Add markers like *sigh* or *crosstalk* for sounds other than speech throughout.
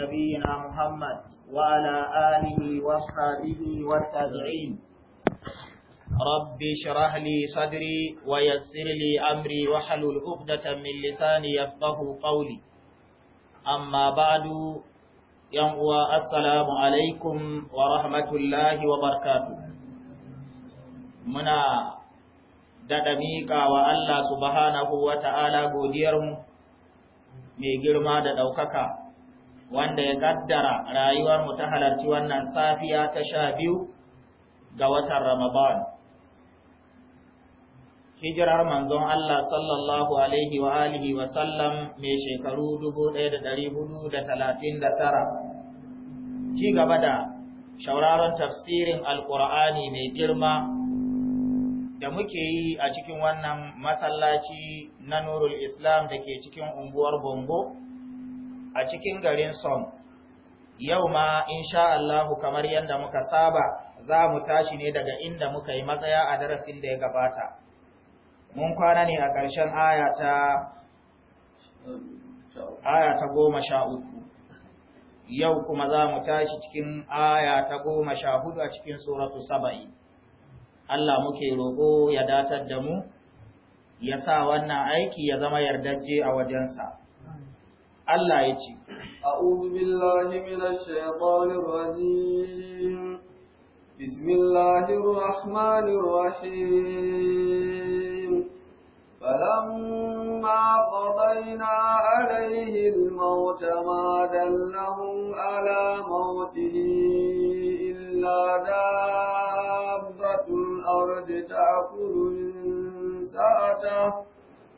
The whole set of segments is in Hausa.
نبينا محمد وعلى آله وصحبه والتابعين رب اشرح لي صدري ويسر لي أمري واحلل عقدة من لساني يفقه قولي أما بعد ينقوى السلام عليكم ورحمة الله وبركاته منا ددميكا وألا سبحانه وتعالى قديرم mai girma da ɗaukaka wanda ya kaddara rayuwar mu ta halarci wannan safiya ta sha biyu ga watan Ramadan. Hijirar manzon Allah sallallahu Alaihi wa alihi wa sallam mai shekaru 1439 ci gaba da shauraron tafsirin Alƙur'ani mai girma da muke yi a cikin wannan masallaci na Nurul Islam da ke cikin unguwar Bongo. a cikin garin Som. Yau ma, insha Allahu, kamar yadda muka saba, za mu tashi ne daga inda muka yi matsaya a darasin da ya gabata. Mun kwana ne a ƙarshen aya ta goma sha uku. Yau kuma za mu tashi cikin aya ta goma sha hudu a cikin suratu saba'i. Allah muke roƙo ya datar da mu, ya sa wannan aiki ya zama yardajje a wajensa. Allah ya ce a'udhu billahi minash shaitanir rajim bismillahir rahmanir rahim فلما قضينا عليه الموت ما دلهم على موته إلا دابة الأرض تأكل من سأته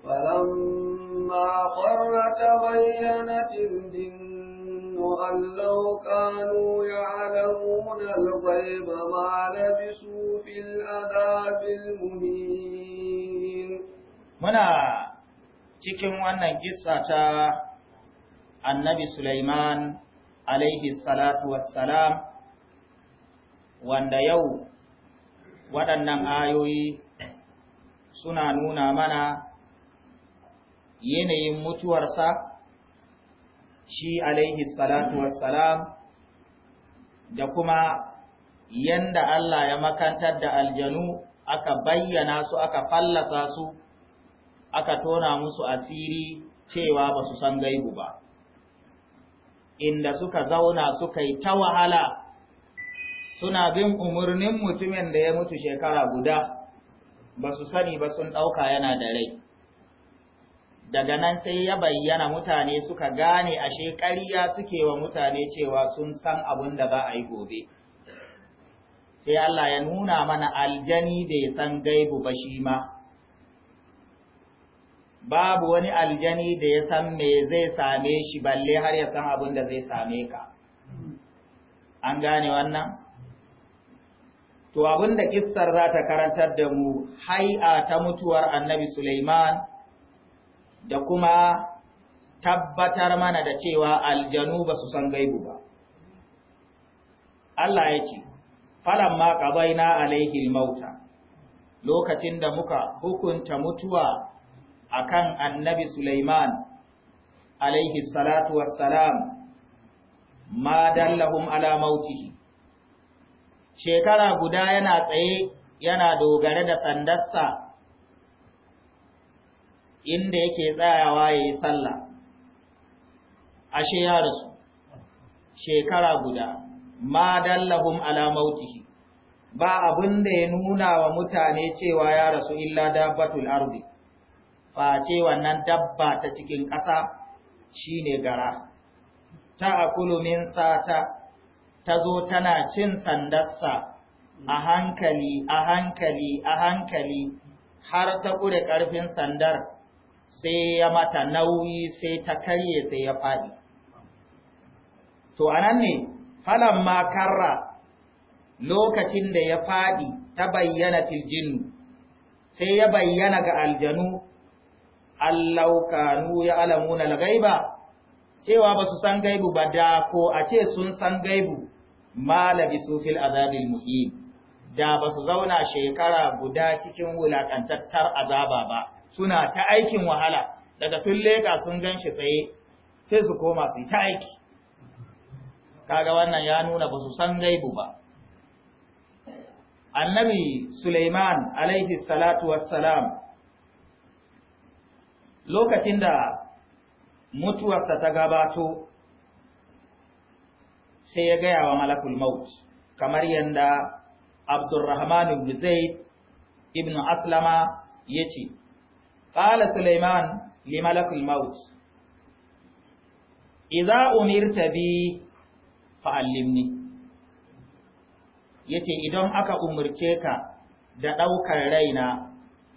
فلما قر تبينت الجن أن لو كانوا يعلمون الغيب ما لبسوا في العذاب المهين منا cikin wannan kissa ta annabi Sulaiman alaihi salatu wassalam wanda yau waɗannan ayoyi suna nuna mana yanayin mutuwarsa shi alaihi salatu wassalam da kuma yanda Allah ya makantar da aljanu aka bayyana su aka fallasa su aka tona musu asiri cewa ba su san gaibu ba inda suka zauna suka yi ta wahala suna bin umarnin mutumin da ya mutu shekara guda ba su sani ba sun ɗauka yana da rai daga nan sai ya bayyana mutane suka gane a shekariya suke wa mutane cewa sun san abin da ba a yi gobe sai Allah ya nuna mana aljani bai san gaibu ba shi ma babu wani aljani da ya san me zai same shi balle har ya san abin da zai same ka an gane wannan to abin da kissar za ta karantar da mu hai'a ta mutuwar annabi Suleiman. da kuma tabbatar mana da cewa aljanu ba su san gaibu ba. Allah ya ce, Falan ma ƙabai na alaihil lokacin da muka hukunta mutuwa a kan annabi Sulaiman, alaihi salatu wassalam, ma dallahum ala mautihi. Shekara guda yana tsaye yana dogare da sandarsa inda yake tsayawa ya yi sallah ashe ya rasu shekara guda ma dallahum ala mautihi ba abin da ya nuna wa mutane cewa ya rasu illa dabbatul ardi face wannan dabba ta cikin ƙasa shine gara ta a min sata ta zo tana cin sandarsa a hankali a hankali a hankali har ta ƙure ƙarfin sandar sai ya mata nauyi sai ta karye sai ya faɗi to anan ne Falon makarra lokacin da ya faɗi ta bayyana tiljinu sai ya bayyana ga aljanu allaukanu ya alamuna lagaiba cewa ba su san gaibu ba da ko a ce sun san gaibu malabi sufil azabil muhim da ba su zauna shekara guda cikin wulakantattar azaba ba suna ta aikin wahala daga sun leka sun gan shi tsaye sai su koma su ta aiki kaga wannan ya nuna ba su san gaibu ba annabi suleiman alaihi salatu wassalam lokacin da mutuwarsa ta gabato sai ya gaya wa malakul maut kamar yadda abdurrahman ibn zaid ibn aslama ya ce qala sulaiman limalakul maut idza umirta bi fa'allimni yace idan aka umarce ka da ɗaukar raina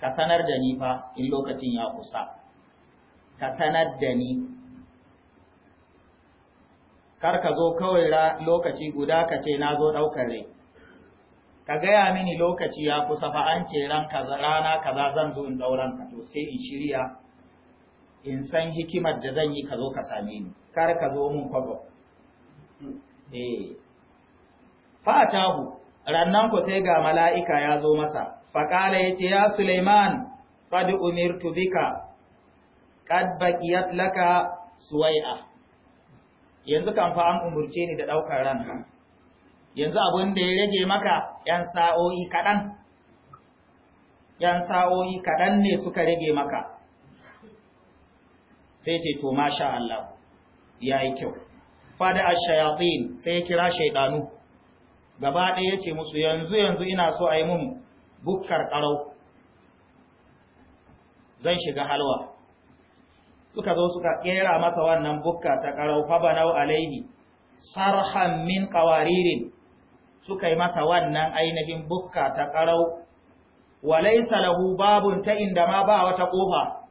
ka sanar da ni fa in lokacin ya kusa ka sanar da ni kar ka zo kawai lokaci guda ka ce na zo ɗaukar rai ka gaya mini lokaci ya kusa fa an ce ran rana kaza zan zo in dauran sai in shirya in san hikimar da zan yi ka zo ka same ni kar ka zo mun kwabo eh fatahu rannan ko sai ga mala'ika ya zo masa faqala yace ya Sulaiman qad umirtu bika qad baqiyat laka suwai'a yanzu kan fa an umurce ni da daukar ran. yanzu abin da ya rage maka ‘yan sa'o'i kaɗan, yan sa'o'i kaɗan ne suka rage maka sai ce to masha Allah ya yi kyau fada a sai ya kira shaidanu gaba ɗaya ya ce musu yanzu yanzu ina so a yi mun bukkar ƙarau zan shiga halwa suka zo suka ƙera masa wannan bukka ta ƙarau fabanau alaihi sarhan min ƙawaririn suka yi masa wannan ainihin bukka ta ƙarau wa laysa lahu babun ta inda ma ba wata ƙofa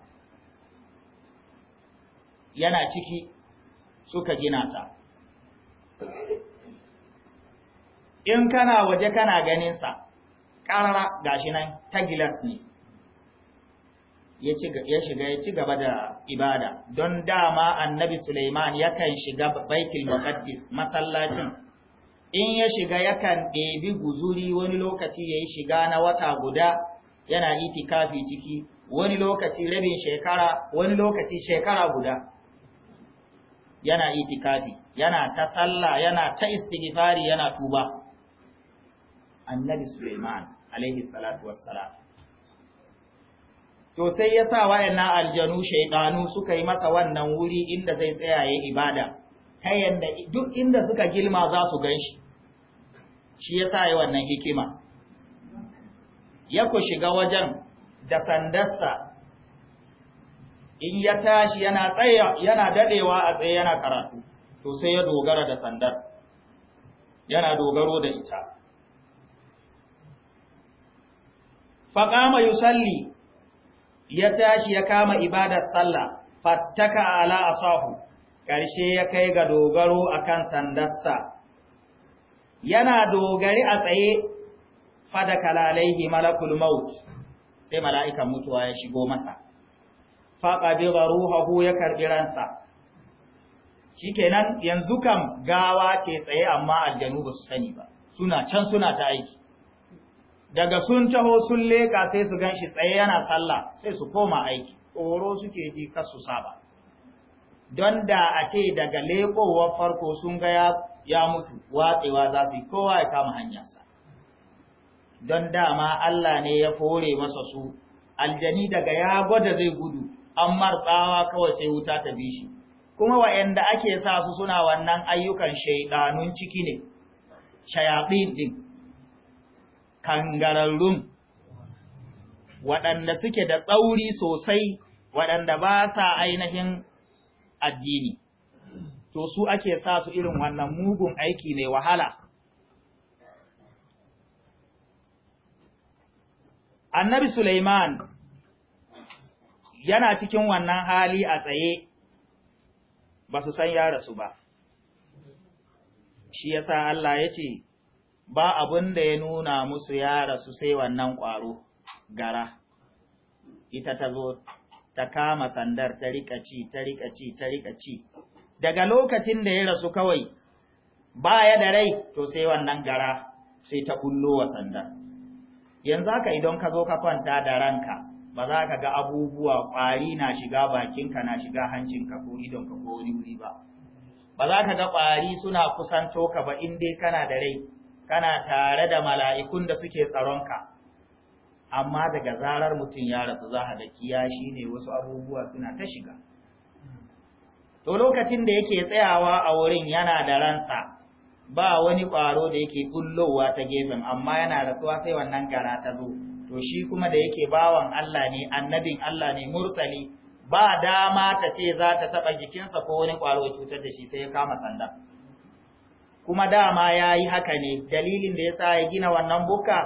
yana ciki suka gina ta in kana waje kana ganinsa, sa gashi nan ta gilas ne ya shiga ya ci gaba da ibada don dama annabi Suleiman yakan shiga baitul maqaddis masallacin in ya shiga yakan ɗebi guzuri wani lokaci ya yi shiga na wata guda yana itikafi ciki wani lokaci rabin shekara wani lokaci shekara guda yana itikafi yana ta sallah yana ta istighfari yana tuba annabi suleiman alaihi salatu wassalam to sai ya sa wayannan aljanu shaydanu suka yi masa wannan wuri inda zai tsaya ya ibada ta yanda duk inda suka gilma za su ganshi shi ya sa yi wannan hikima ya ku shiga wajen da sandarsa in ya tashi yana yana dadewa a tsaye yana karatu to sai ya dogara da sandar yana dogaro da ita faƙama yusalli ya tashi ya kama ibadar sallah fattaka ala asahu ƙarshe ya kai ga dogaro akan sandarsa yana dogari a tsaye fada kalalaihi malakul maut sai mala'ikan mutuwa ya shigo masa faƙa biga ruhahu ya karɓi ransa shikenan yanzu kam gawa ce tsaye amma aljanu ba su sani ba suna can suna ta aiki daga sun taho sun leƙa sai su gan shi tsaye yana sallah sai su koma aiki tsoro suke ji kasu saba don da a ce daga leƙowar farko sun ga ya ya mutu watsewa za su yi kowa ya kama hanyarsa don dama Allah ne ya fore masa su aljani daga ya gwada zai gudu an tsawa kawai sai wuta ta bi shi kuma wa'anda ake sa su suna wannan ayyukan shaidanun ciki ne shayaɗin ɗin kangararrun waɗanda suke da tsauri sosai waɗanda ba sa ainihin addini to su ake sa su irin wannan mugun aiki ne wahala annabi Suleiman yana cikin wannan hali a tsaye ba su san ya rasu ba shi yasa Allah ya ce ba abin da ya nuna musu ya rasu sai wannan ƙwaro gara ita ta zo ta kama sandar ta rikaci ci ta rikaci ta rikaci daga lokacin da ya rasu kawai baya da rai to sai wannan gara sai ta kullo wa sanda yanzu haka idan ka zo ka kwanta da ranka ba za ka ga abubuwa ƙwari na shiga bakinka na shiga hancinka ko idonka ko wani wuri ba ba za ka ga ƙwari suna kusanto ka ba in dai kana da rai kana tare da mala'ikun da suke tsaronka amma daga zarar mutum ya rasu za ka ga kiya shine wasu abubuwa suna ta shiga to lokacin da yake tsayawa a wurin yana da ransa ba wani ƙwaro da yake bullowa ta gefen amma yana rasuwa sai wannan gara ta zo to shi kuma da yake bawan Allah ne annabin Allah ne mursali ba dama ta ce za ta taɓa jikinsa ko wani ƙwaro cutar da shi sai ya kama sanda kuma dama ya yi haka ne dalilin da ya sa ya gina wannan buka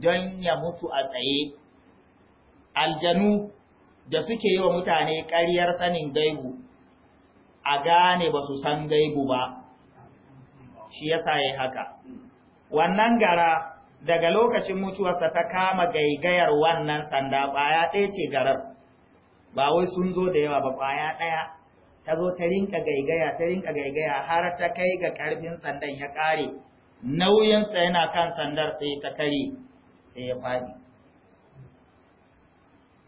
don ya mutu a tsaye aljanu da suke yi wa mutane ƙaryar sanin gaibu a gane ba su san gaibu ba shi yasa yayi haka wannan gara daga lokacin mutuwarsa ta kama gaigayar wannan sanda ƙwaya ɗaya ce garar ba wai sun zo da yawa ba ƙwaya ɗaya ta zo ta rinka gaigaya ta rinka gaigaya har ta kai ga ƙarfin sandan ya ƙare nauyinsa yana kan sandar sai ta kare sai ya faɗi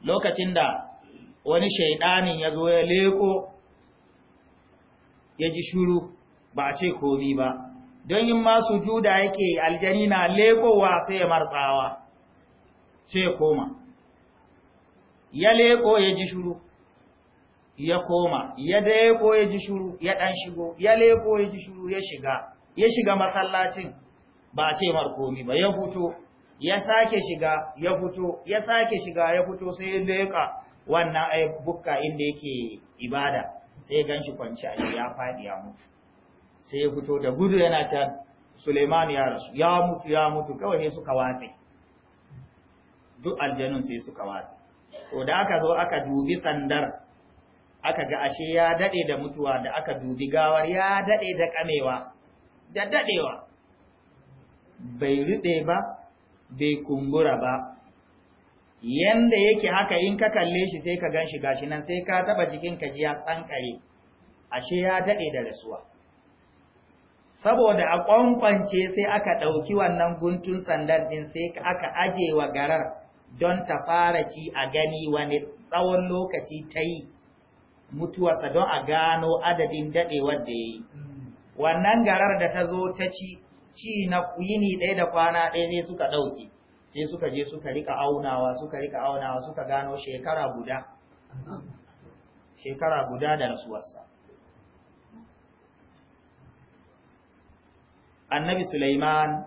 lokacin da wani shaidanin ya zo ya leko ya ji shuru ba a ce komi ba don yin ma juda yake aljani na lekowa sai ya martsawa sai koma ya leko ya ji shuru ya koma ya leko ya ji shuru ya dan shigo ya leko ya ji shuru ya shiga ya shiga masallacin ba a ce markomi ba ya fito ya sake shiga ya fito ya sake shiga ya fito sai ya leka wannan ai eh, bukka inda yake ibada sai gan shi kwanci a ya faɗi ya mutu sai ya fito da gudu yana cewa Suleiman ya rasu ya mutu ya mutu kawai ne suka watse duk aljanun sai suka watse to da aka zo aka dubi sandar aka ga ashe ya daɗe da mutuwa da aka dubi gawar ya dade da kamewa da dadewa bai rube ba bai kumbura ba yanda yake haka in ka kalle shi sai ka gan shi gashi nan sai ka taba jikin ka ji ya tsankare ashe ya dade da rasuwa saboda a kwankwance sai aka dauki wannan guntun sandan din sai aka ajewa garar don ta fara ci a gani wani tsawon lokaci ta yi mutuwarsa don a gano adadin dadewar da ya yi wannan garar da ta zo ta ci ci na yini ɗaya da kwana ɗaya sai suka ɗauke sai suka je suka rika aunawa suka rika aunawa suka gano shekara guda shekara guda da rasuwarsa annabi Sulaiman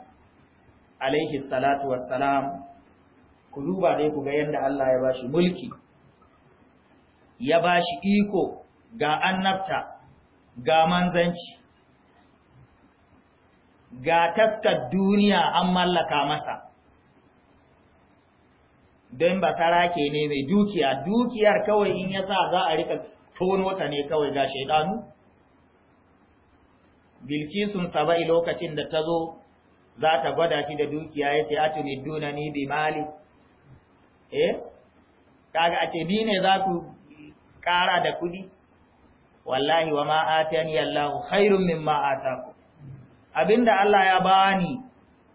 alaihi salatu wassalam ku duba dai ku ga yadda Allah ya bashi mulki ya bashi iko ga annabta ga manzanci ga taskar duniya an mallaka masa don ba sarake ne mai dukiya dukiyar kawai in yasa za a rika tono ta ne kawai ga shaidanu bilkisun saba'i lokacin da ta zo za ta gwada shi da dukiya ya ce atuni duna ni bi mali eh kaga a ce ne za ku kara da kudi wallahi wa ma atani allahu khairum mimma abinda Allah ya bani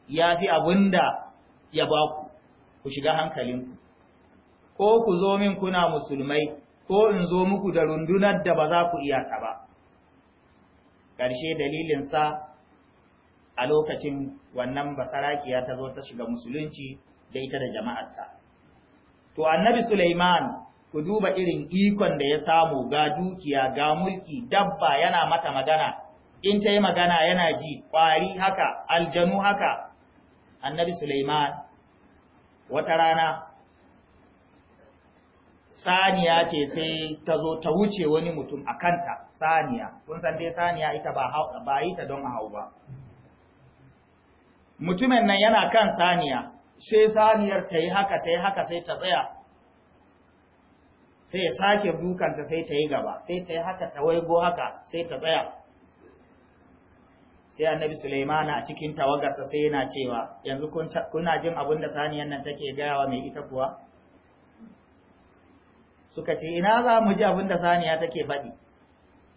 ya yafi abinda ya baku ku shiga hankalinku ko ku zo min kuna musulmai ko in zo muku da rundunar da ba za ku ta ba ƙarshe dalilinsa a lokacin wannan basarakiya ta zo ta shiga musulunci da ita da jama'arta to annabi Suleiman ku duba irin ikon da ya samu ga dukiya ga mulki dabba yana mata magana in ta yi magana yana ji ƙwari haka aljanu haka annabi Suleiman. wata rana saniya ce sai ta zo ta wuce wani mutum a kanta saniya kun san dai saniya ita ba yi ta don hau ba mutumin nan yana kan saniya sai saniyar ta yi haka ta yi haka sai ta tsaya sai ya sake dukanta sai ta yi gaba sai ta yi haka ta waigo haka sai ta tsaya sai annabi Sulaiman a cikin tawagarsa sai yana cewa yanzu kuna jin abin da saniyan nan take wa mai ita kuwa suka ce ina za mu ji abin da saniya take faɗi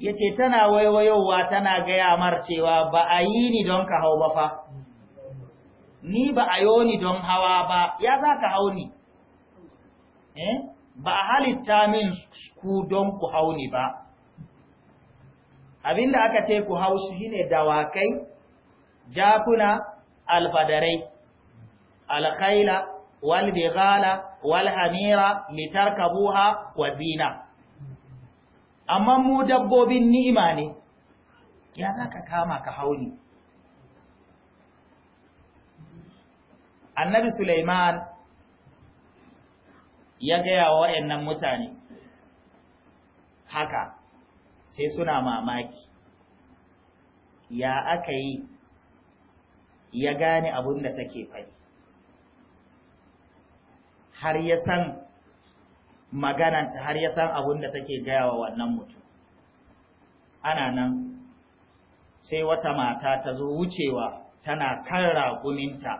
ya ce tana waiwayowa tana gaya mar cewa ba a yi ni don ka hau ba fa ni ba a yo ni don hawa ba ya za ka hau ni eh? ba a halitta min ku don ku hau ni ba abinda aka ce ku hau shine dawakai jakuna alfadarai, alkhaila walbighala walhamira litarkabuha wa zina amma mu dabbobin ni'ima ne ya za ka kama ka hauni annabi suleiman ya gaya wa waɗannan mutane haka sai suna mamaki ya aka yi ya gane abin da take faɗi har ya san magananta har ya san abin da take gaya wa wannan mutum ana nan sai wata mata ta zo wucewa tana kan ta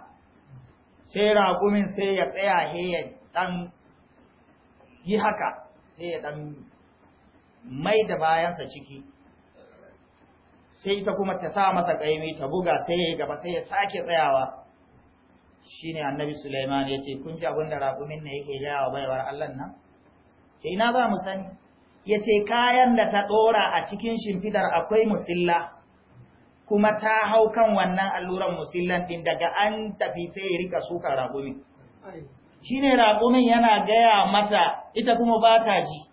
sai raƙumin sai ya tsaya he ya ɗan yi haka sai ya ɗan mai da bayansa ciki sai ta kuma ta sa masa ƙaimi ta buga sai ya gaba sai ya sake tsayawa Shi ne annabi Sulaiman ya ce kun ji abin da raƙumin ne yake gaya wa baiwar Allah nan ke ina za mu sani ya ce kayan da ta ɗora a cikin shimfidar akwai musilla kuma ta hau kan wannan alluran musillan ɗin daga an tafi sai ya rika suka raƙumin ne raƙumin yana gaya mata ita kuma ba ta ji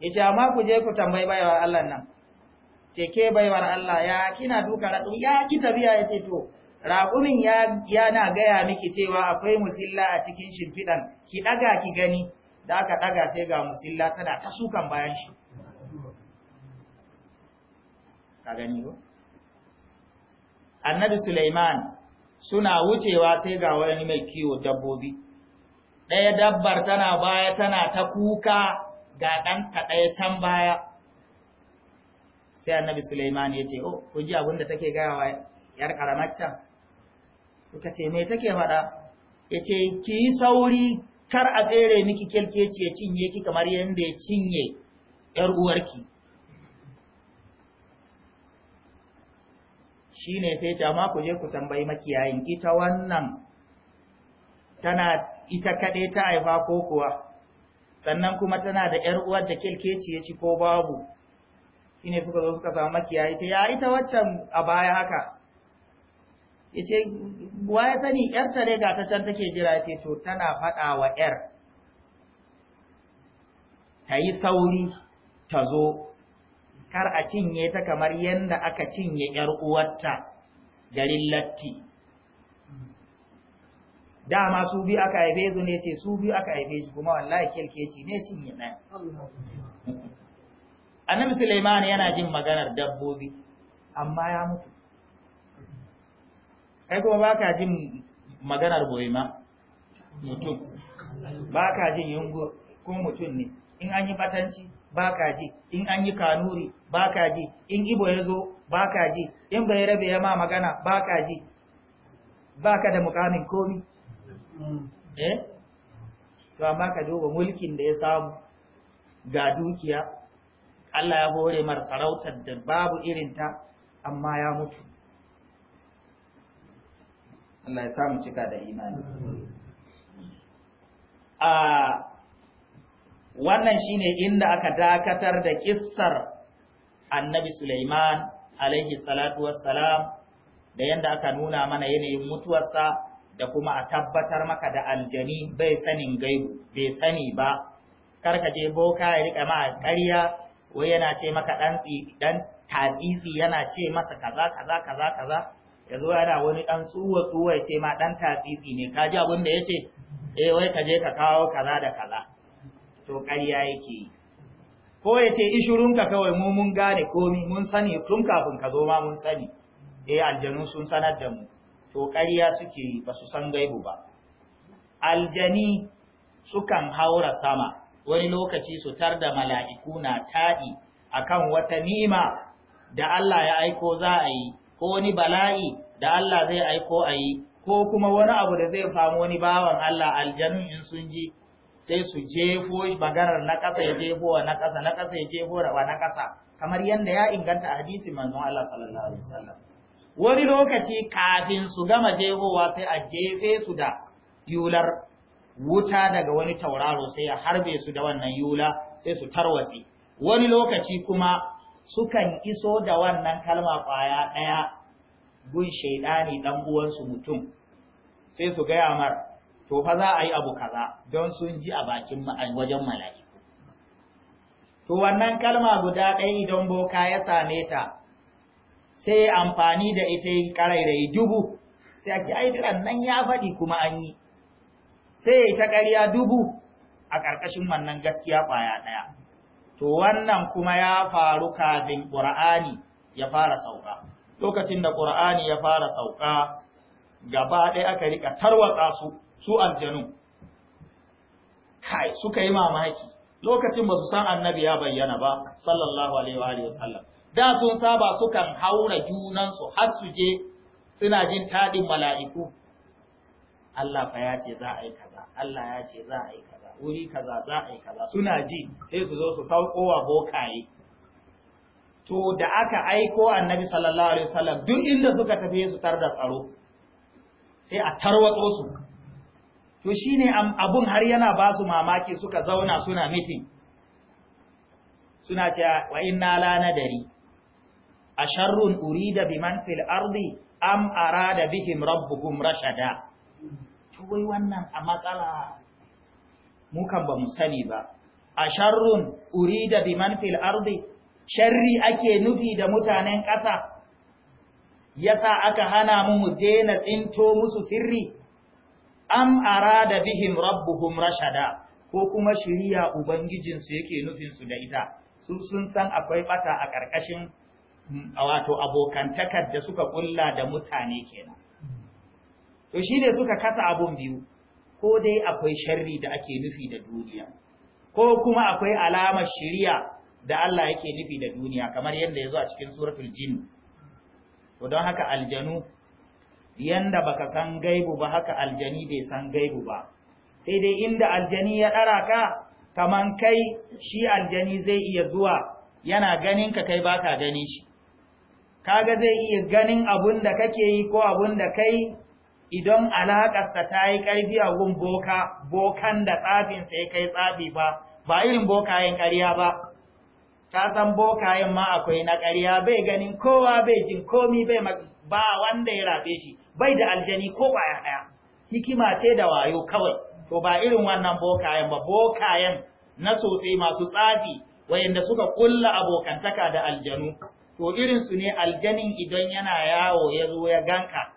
yace amma ku je ku tambayi baiwar Allah nan ce ke baiwar Allah ya kina duka radu ya ki tabiya yace to raƙumin ya yana gaya miki cewa akwai musilla a cikin shimfiɗan ki ɗaga ki gani da aka ɗaga sai ga musilla tana ta sukan bayan shi ka gani ko annabi Suleiman suna wucewa sai ga wani mai kiwo dabbobi ɗaya dabbar tana baya tana ta kuka ga a ɗaya can baya sai annabi Sulaiman ya ce oh ku ji abin take gaya wa yar karamar suka ce me take faɗa yace ce ki yi sauri kar a tsere miki kelkeci ya cinye ki kamar yadda ya cinye ‘yar uwarki. shine sai ce, amma ku je ku tambayi makiyayin ita wannan tana ita kaɗai ta haifa ko kuwa. sannan kuma tana da ‘yar uwar da kelkeci ko babu shi ne suka zo suka samu makiyayi ce ya ita waccan a baya haka ya ce wa ya sani ‘yar tare ga ta can take jira ce to tana faɗa wa ‘yar ta yi sauri ta zo kar a cinye ta kamar yadda aka cinye ‘yar uwarta garin latti dama su biyu aka haife su ne ce su biyu aka haife shi kuma wallahi kirkeci ne cinye yana annabi Sulaiman yana jin maganar dabbobi amma ya mutu kai kuma baka jin maganar boyima mutum baka jin yungo ko mutum ne in an yi batanci baka ji in an yi kanuri baka ji in ibo ya zo baka ji in bai rabe ya ma magana baka ji baka da mukamin komi Hmm. Eh? to amma ka duba mulkin da ya samu ga dukiya Allah ya hore mar sarautar da babu irinta amma ya mutu Allah ya samu cika da imani a ah, wannan shine inda aka dakatar da kissar annabi Sulaiman alaihi salatu wassalam da yanda aka nuna mana yanayin mutuwarsa da kuma a tabbatar maka da aljani bai sanin gaibu bai sani ba karka je boka ya rika ma ƙarya wai yana ce maka dan dan tadizi yana ce masa kaza kaza kaza kaza yanzu yana wani dan tsuwa tsuwa ya ce ma dan tadizi ne ka ji abin da yace eh wai ka je ka kawo kaza da kaza to ƙarya yake yi ko ya ce shirunka kawai mu mun gane komi mun sani tun kafin ka zo ma mun sani eh aljanu sun sanar da mu to ƙariya suke yi ba su san gaibu ba aljani sukan haura sama wani lokaci su tar da mala'iku na taɗi akan wata nima da Allah ya aiko za a yi ko wani bala'i da Allah zai aiko a yi ko kuma wani abu da zai famu wani bawan Allah Aljanu in sun ji sai su jefo maganar na ƙasa ya jefo wa na ƙasa na ƙasa ya jefo wa na ƙasa kamar yadda ya inganta hadisi hadisin manzon Allah sallallahu alaihi wasallam wani lokaci kafin su gama jehowa sai a jefe su da yular wuta daga wani tauraro sai a harbe su da wannan yula sai su tarwatsi wani lokaci kuma sukan iso da wannan kalma kwaya ɗaya gun shaidani ɗan uwansu mutum sai su gaya mar to fa za a yi abu kaza don sun ji a bakin wajen mala'iku to wannan kalma guda ɗaya idan boka ya same ta sai amfani da ita yi ƙarairayi dubu sai a ce aidiran nan ya faɗi kuma an yi sai ta ƙarya dubu a ƙarƙashin wannan gaskiya ƙwaya ɗaya to wannan kuma ya faru kafin ƙur'ani ya fara sauka lokacin da ƙur'ani ya fara sauka gaba ɗaya aka riƙa tarwatsa su su aljanu kai suka yi mamaki lokacin ba su san annabi ya bayyana ba sallallahu alaihi wa sallam da sun saba sukan haura junansu har su je suna jin taɗin mala'iku Allah fa ya ce za a yi kaza Allah ya ce za a yi kaza wuri kaza za a yi kaza suna ji sai su zo su saukowa bokaye to da aka aiko annabi sallallahu alaihi wasallam duk inda suka tafi su tar da tsaro sai a tarwatso su to shine abun har yana ba su mamaki suka zauna suna mitin suna cewa wa inna la nadari a sharrun da biman fil ardi am arada bihim rabbukum rashada to wai wannan a matsala mu ba mu sani ba a sharrun da biman fil ardi sharri ake nufi da mutanen ƙasa yasa aka hana mu mu daina tsinto musu sirri am arada bihim rabbukum rashada ko kuma shiriya ubangijinsu yake nufin da ita su sun san akwai bata a ƙarƙashin wato abokantakar da suka kulla da mutane kenan to shi ne suka kasa abun biyu ko dai akwai sharri da ake nufi da duniya ko kuma akwai alamar shari'a da Allah yake nufi da duniya kamar yadda ya zo a cikin suratul jin to don haka aljanu yanda baka san gaibu ba haka aljani bai san gaibu ba sai dai inda aljani ya ɗara ka kaman kai shi aljani zai iya zuwa yana ganin ka kai baka ganin shi kaga zai iya ganin abun da kake yi ko abun da kai idan alaƙarsa ta yi ƙarfi a gun boka bokan da tsafinsa ya kai tsafi ba ba irin bokayen ƙarya ba ta san bokayen ma akwai na ƙarya bai ganin kowa bai jin komi bai ba wanda ya rabe shi bai da aljani ko baya ɗaya hikima ce da wayo kawai to ba irin wannan bokayen ba bokayen na sosai masu tsafi wayanda suka kulla abokantaka da aljanu to irin su ne aljanin idan yana yawo ya zo ya ganka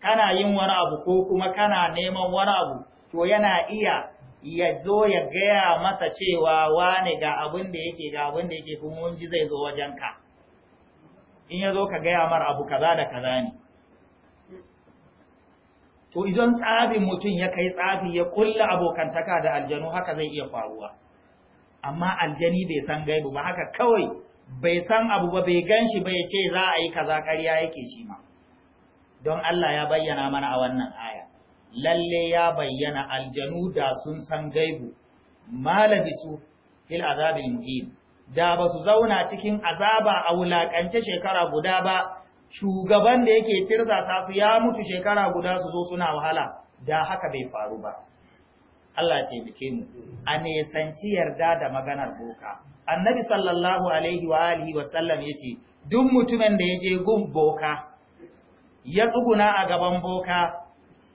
kana yin wani abu ko kuma kana neman wani abu to yana iya ya zo ya gaya masa cewa wane ga abin da yake ga abin da yake kuma ji zai zo wajenka in ya zo ka gaya mar abu kaza da kaza ne to idan tsafin mutum ya kai tsafi ya kulla abokantaka da aljanu haka zai iya faruwa amma aljani bai san gaibu ba haka kawai bai san abu ba bai gan shi bai ce za a yi kaza ƙarya yake shi ma don Allah ya bayyana mana a wannan aya lalle ya bayyana aljanu da sun san gaibu malabisu fil azabil muhim da ba su zauna cikin azaba a wulakance shekara guda ba shugaban da yake tirzasa su ya mutu shekara guda su zo suna wahala da haka bai faru ba Allah ya taimake mu a nesanci yarda da maganar boka annabi sallallahu alaihi wa alihi wa sallam yace duk mutumin da ya je gun boka ya tsuguna a gaban boka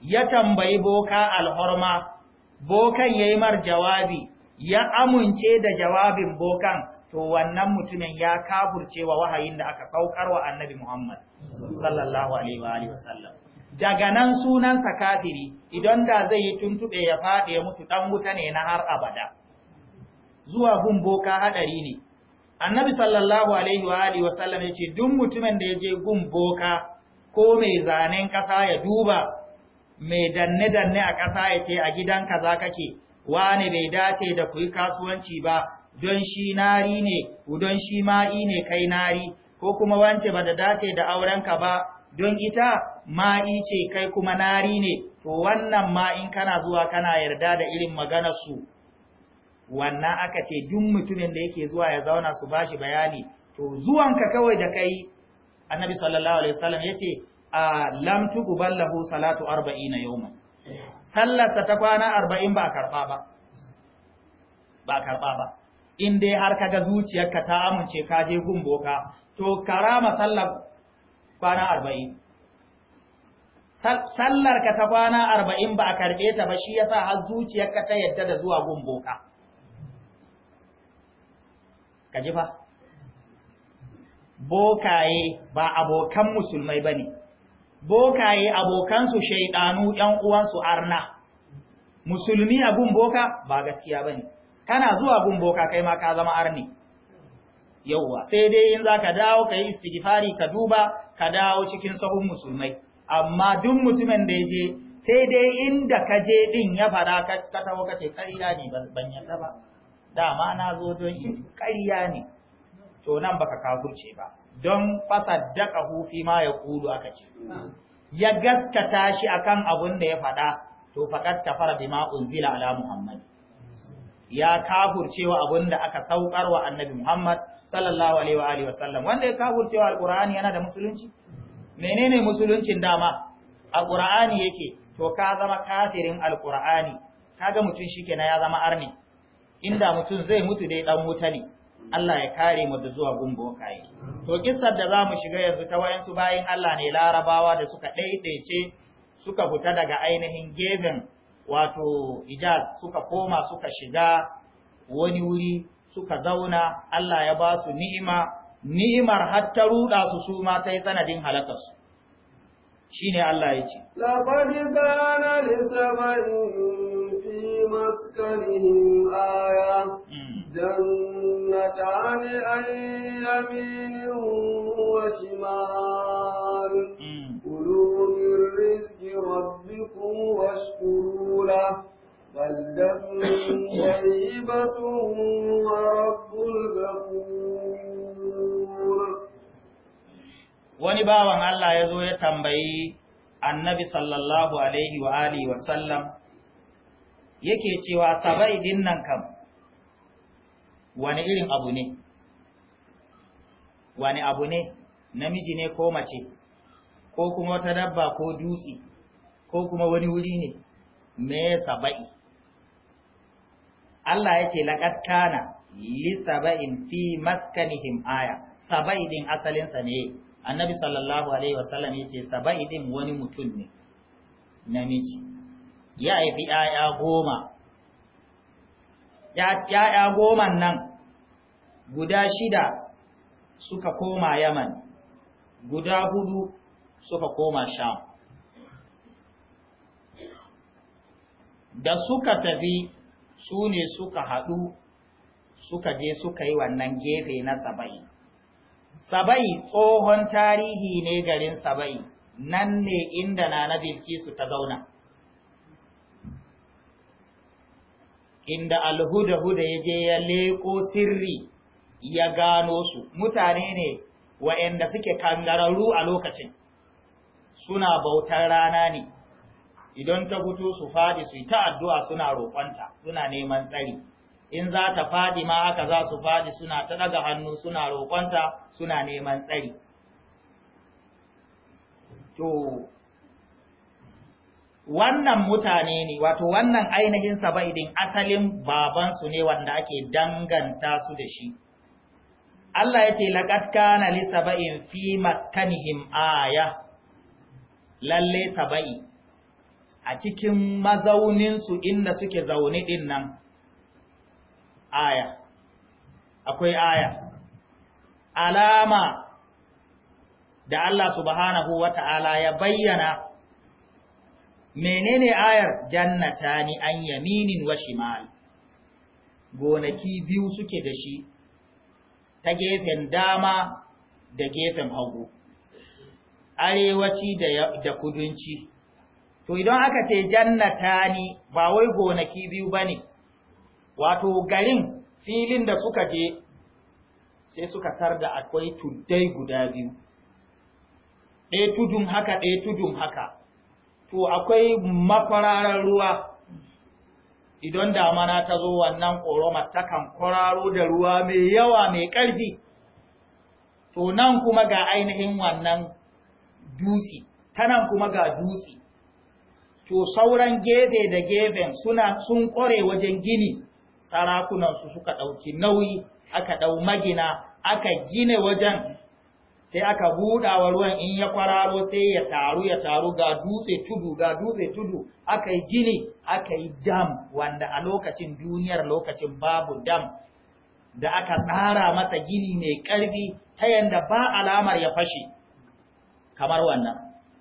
ya tambayi boka alhorma bokan yayi mar jawabi ya amince da jawabin bokan to wannan mutumin ya kafurce wa wahayin da aka saukar wa annabi Muhammad sallallahu alaihi wa alihi wa daga nan sunansa kafiri idan da zai yi tuntuɓe ya faɗi mutu ɗan wuta ne na har abada zuwa gun boka hadari ne annabi sallallahu alaihi wa alihi wasallam yace duk mutumin da ya je gun boka ko mai zanen kasa ya duba mai danne danne a kasa yace a gidan kaza kake wane bai dace da kuyi kasuwanci ba don shi nari ne don shi ma'i ne kai nari ko kuma wance ba da dace da aurenka ba don ita ma'i ce kai kuma nari ne to wannan ma in kana zuwa kana yarda da irin maganarsu wannan aka ce duk mutumin da yake zuwa ya zauna su bashi bayani to zuwanka kawai da kai annabi sallallahu alaihi wasallam yace a lam tuqballahu salatu 40 yawma sallarsa ta kwana 40 ba karba ba ba karba ba in dai har kaga zuciyarka ta amince ka je gumboka to karama sallar kwana 40 sallar ka ta kwana 40 ba a karbe ta ba shi yasa har zuciyarka ta yadda da zuwa gumboka ka ji fa bokaye ba abokan musulmai ba ne bokaye abokansu shaidanu ‘yan uwansu arna musulmi abun boka ba gaskiya ba ne kana zuwa abun boka kai ma ka zama arni yauwa sai dai in za ka dawo ka yi istighfari ka duba ka dawo cikin sahun musulmai amma duk mutumin da ya je sai dai inda ka je din ya fara ka tawo ka ce da ne ban yadda ba dama na zo don in ƙarya ne to nan baka kafurce ba don fasaddaka hufi ma ya kulu aka ce ya gaskata shi akan abun da ya faɗa to ta kafara bima unzila ala muhammad ya wa abun da aka saukar wa annabi muhammad sallallahu alaihi wa alihi wanda ya wa alqur'ani yana da musulunci menene musuluncin dama alqur'ani yake to ka zama kafirin alqur'ani kaga mutun shikenan ya zama arni inda mutum zai mutu dai dan wuta ne Allah ya kare mu da zuwa gumbo kai to kissar da zamu shiga yanzu ta wayansu bayin Allah ne larabawa da suka daidaice suka fita daga ainihin gefen wato ijaz suka koma suka shiga wani wuri suka zauna Allah ya ba su ni'ima ni'imar har ta ruda su su ma kai sanadin halakar su shine Allah ya ce laqad kana مثلهم آية جنتان عن يمين وشمال كلوا من رزق ربكم wani bawan Allah ya zo ya tambayi annabi sallallahu alaihi wa alihi wa sallam yake cewa saba'i din nan kam wani irin abu ne wani abu ne namiji ne ko mace ko kuma wata dabba ko dutse ko kuma wani wuri ne me saba'i Allah yake laqad kana li saba'in fi maskanihim aya saba'i din asalin sa ne annabi sallallahu alaihi wasallam yace saba'i din wani mutum ne namiji ya haifi ‘ya'ya goma ‘ya'ya goman nan guda shida suka koma yaman guda hudu suka koma sham da suka tafi su ne suka haɗu suka je suka yi wannan gefe na saba'i saba'i tsohon tarihi ne garin saba'i nan ne inda na na bilkisu ta zauna inda alhuda-huda ya je ya leko sirri ya gano su mutane ne wa'anda suke kangararru a lokacin suna bautar rana ne idan ta fito su faɗi su yi ta addu'a suna roƙonta suna neman tsari in za ta faɗi ma haka za su faɗi suna ta ɗaga hannu suna roƙonta suna neman tsari to wannan mutane ne wato wannan ainihin saba'idin asalin babansu ne wanda ake danganta su da shi Allah ya ce laqad kana li saba'in fi maskanihim aya lalle saba'i a cikin mazauninsu inda suke zaune din nan aya akwai aya alama da Allah subhanahu wata'ala ya bayyana menene ayar jannata ni an yaminin wa shimal gonaki biyu suke da shi ta gefen dama da gefen hagu arewaci da kudunci to idan aka ce jannata ni ba wai gonaki biyu ba ne wato garin filin da suka je sai suka tar da akwai tuddai guda biyu ɗaya tudun haka ɗaya tudun haka to akwai makwararar ruwa idan damana ta zo wannan ƙoromar takan kwararo da ruwa mai yawa mai ƙarfi to nan kuma ga ainihin wannan dutse tanan kuma ga dutse to sauran gefe da gefen suna sun ƙware wajen gini sarakunansu suka ɗauki nauyi aka ɗau magina aka gine wajen sai aka buɗawa wa ruwan in ya kwararo sai ya taru ya taru ga dutse tudu ga dutse tudu aka yi gini aka yi dam wanda a lokacin duniyar lokacin babu dam da aka tsara masa gini mai ƙarfi ta yanda ba alamar ya fashe kamar wannan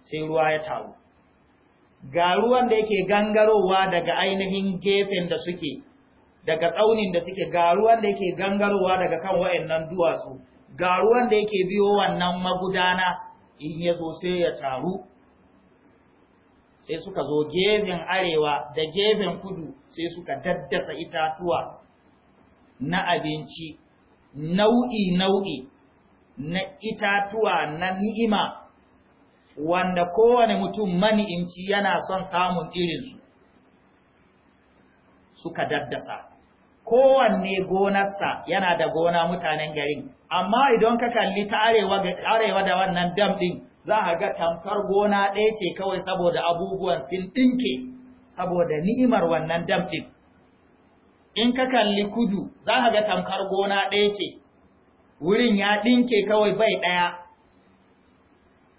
sai ruwa ya taru ga ruwan da yake gangarowa daga ainihin gefen da suke daga tsaunin da suke ga ruwan da yake gangarowa daga kan waɗannan duwatsu ga ruwan da yake biyo wannan magudana in ya zo sai ya taru sai suka zo gefen arewa da gefen kudu sai suka daddasa itatuwa na abinci nau'i-nau'i na itatuwa na ni'ima wanda kowane mutum mani'imci yana son samun irinsu suka daddasa kowanne gonarsa yana da gona mutanen garin amma idan ka kalli ta arewa da wannan dam ɗin za a ga tamkar gona ɗaya ce kawai saboda abubuwan sun ɗinke saboda ni'imar wannan dam ɗin in ka kalli kudu za a ga tamkar gona ɗaya ce wurin ya ɗinke kawai bai ɗaya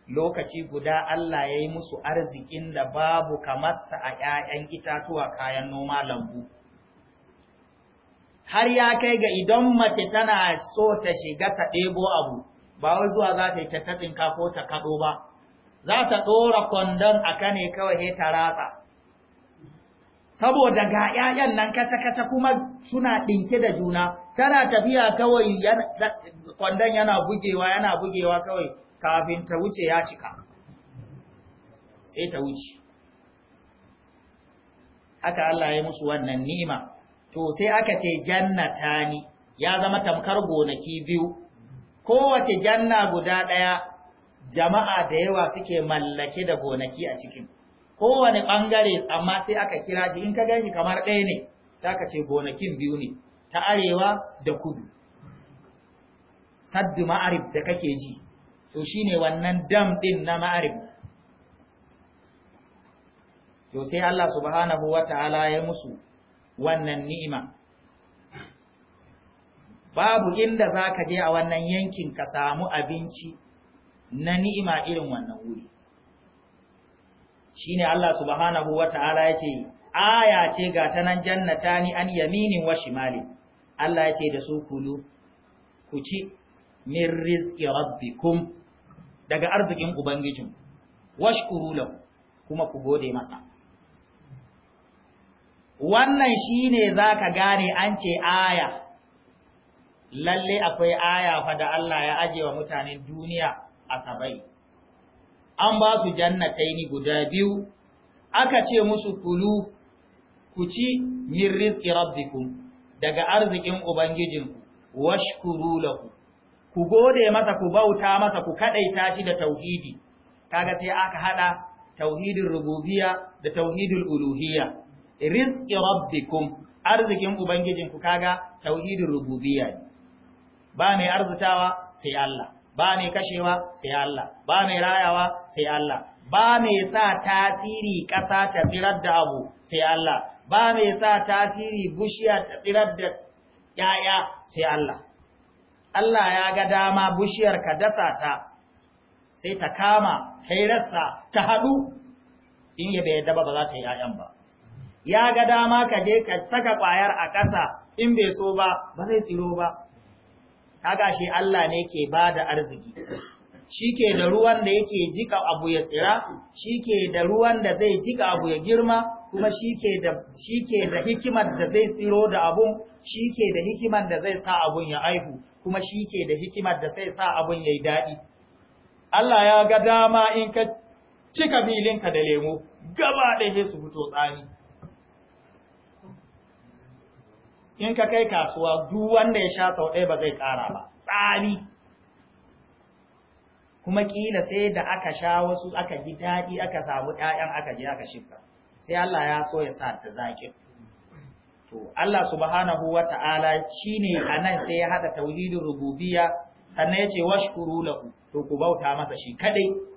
lokaci guda Allah ya yi musu arzikin da babu kamarsa a ‘ya'yan itatuwa kayan noma lambu. har ya kai ga idan mace tana so ta shiga ta ɗebo abu ba wai zuwa za ta yi ta tatsinka ko ta kaɗo ba za ta ɗora kwandon a kane kawai he ta ratsa saboda ga 'ya'yan nan kace-kace kuma suna ɗinke da juna tana tafiya kawai kwandon yana bugewa yana bugewa kawai kafin ta wuce ya cika sai ta wuce haka Allah ya musu wannan nima to sai aka ce Tani ya zama tamkar gonaki biyu kowace janna guda ɗaya jama'a da yawa suke mallake da gonaki a cikin kowane ɓangare amma sai aka kira shi in ka gani kamar ɗaya ne sai aka ce gonakin biyu ne ta arewa da kudu saddu ma'arif da kake ji to shine wannan dam ɗin na ma'arif to sai Allah subhanahu wa ta'ala ya musu wannan ni'ima babu inda za ka je a wannan yankin ka samu abinci na ni'ima irin wannan wuri shine Allah subhanahu wata'ala yake aya ce ga tanan ni, an yaminin wa shimali Allah yake da su kulu ku ci min rizqi rabbikum daga arzikin ubangijin washkuru lahu kuma ku gode masa wannan shi ne za ka gane an ce aya lalle akwai aya fa da Allah ya aje wa mutanen duniya a sabai an ba su ni guda biyu aka ce musu kulu ku ci min rizqi rabbikum daga arzikin ubangijin washkuru lahu ku gode masa ku bauta masa ku kadaita shi da tauhidi kaga sai aka haɗa tauhidin rububiya da tauhidin uluhiyya rizqi rabbikum arzikin ubangijin ku kaga tauhidin rububiyya ne ba mai arzitawa sai Allah ba mai kashewa sai Allah ba mai rayawa sai Allah ba mai sa tasiri ƙasa ta tsirar da abu sai Allah ba mai sa tasiri bushiya ta tsirar da 'ya'ya, sai Allah Allah ya ga dama bushiyar ka dasa ta sai ta kama kai rassa ta haɗu in yabe da ba za ta yi ƴaƴan ba ya ga dama ka je ka saka ƙwayar a ƙasa in bai so ba ba zai tsiro ba kaga shi Allah ne ke ba da arziki shi ke da ruwan da yake jika abu ya tsira shi ke da ruwan da zai jika abu ya girma kuma shi ke da, da hikimar da zai tsiro da abun shi ke da hikimar da zai sa abun ya aihu kuma shi ke da hikimar da zai sa abun ya yi daɗi Allah ya ga dama in ka cika filinka da lemo gaba ɗaya su fito tsani in ka kai kasuwa duk wanda ya sha sau ɗaya ba zai ƙara ba tsari kuma ƙila sai da aka sha wasu aka ji daɗi aka samu ɗayan aka je aka shifta. sai Allah ya so ya sa ta zaƙi to Allah subhanahu wa ta'ala shi ne a nan sai ya haɗa tauhidin rububiya sannan ya ce washkuru lahu to ku bauta masa shi kaɗai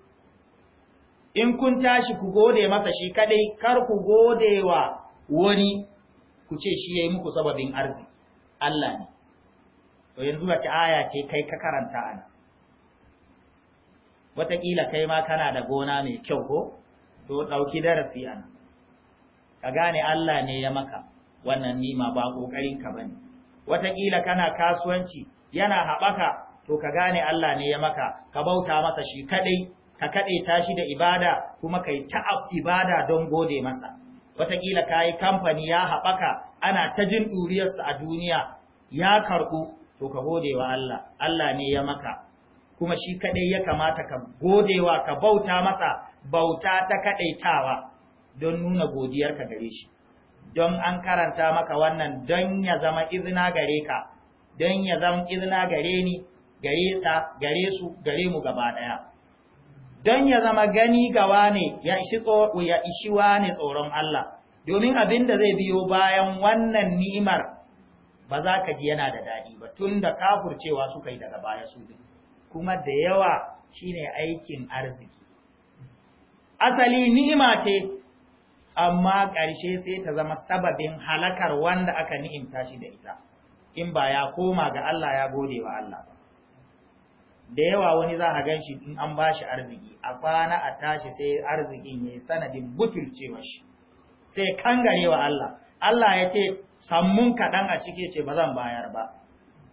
in kun tashi ku gode masa shi kaɗai kar ku gode wa wani ku ce shi ya yi muku sababin arziki Allah ne to yanzu wace aya ce kai ka karanta ana wataƙila kai ma kana da gona mai kyau ko to ɗauki darasi ana ka gane Allah ne ya maka wannan nima ba ƙoƙarin ka bane wataƙila kana kasuwanci yana haɓaka to ka gane Allah ne ya maka ka bauta masa shi kaɗai, ka kade tashi da ibada kuma kai ta'af ibada don gode masa wataƙila ka yi kamfani ya haɓaka ana ta jin ɗuriyarsa a duniya ya karɓu to ka gode wa Allah Allah ne ya maka kuma shi kaɗai ya kamata ka gode wa ka bauta masa bauta ta kaɗaitawa don nuna godiyarka gare shi don an karanta maka wannan don ya zama izina gare ka don ya zama izina gare ni gare gare su gare mu gaba ɗaya don ya zama gani gawa ne ya ishi wane tsoron Allah domin abin da zai biyo bayan wannan ni'imar ba za ka ji yana da daɗi ba tun da kafurcewa suka yi daga baya su kuma da yawa shine aikin arziki asali ni'ima ce amma ƙarshe sai ta zama sababin halakar wanda aka ni'imta shi da ita in ba ya koma ga Allah ya gode wa Allah ba da yawa wani za a gan shi in an ba shi arziki a kwana a tashi sai arzikin ya yi sanadin butulcewa shi sai kangare wa Allah Allah ya ce sammun kaɗan a cike ce ba zan bayar ba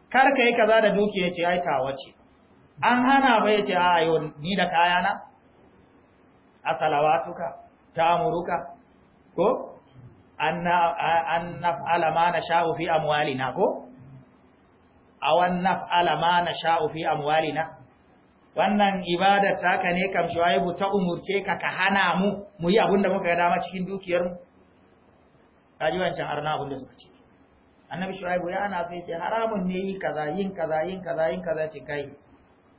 kar ka yi kaza da dukiya ce ai tawa ce an hana ba ya ce a yau ni da kayana a salawatuka ta amuruka ko an naf'ala ma na sha'u fi amwalina ko awan naf'ala ma nasha'u fi amwalina wannan ta taka ne kam shuaibu ta umurce ka ka hana mu mu yi abinda muka ga dama cikin dukiyar mu kaji wancan arna abinda suka ce annabi shuaibu ya ana sai ce haramun ne yi kaza yin kaza yin kaza yin kaza ce kai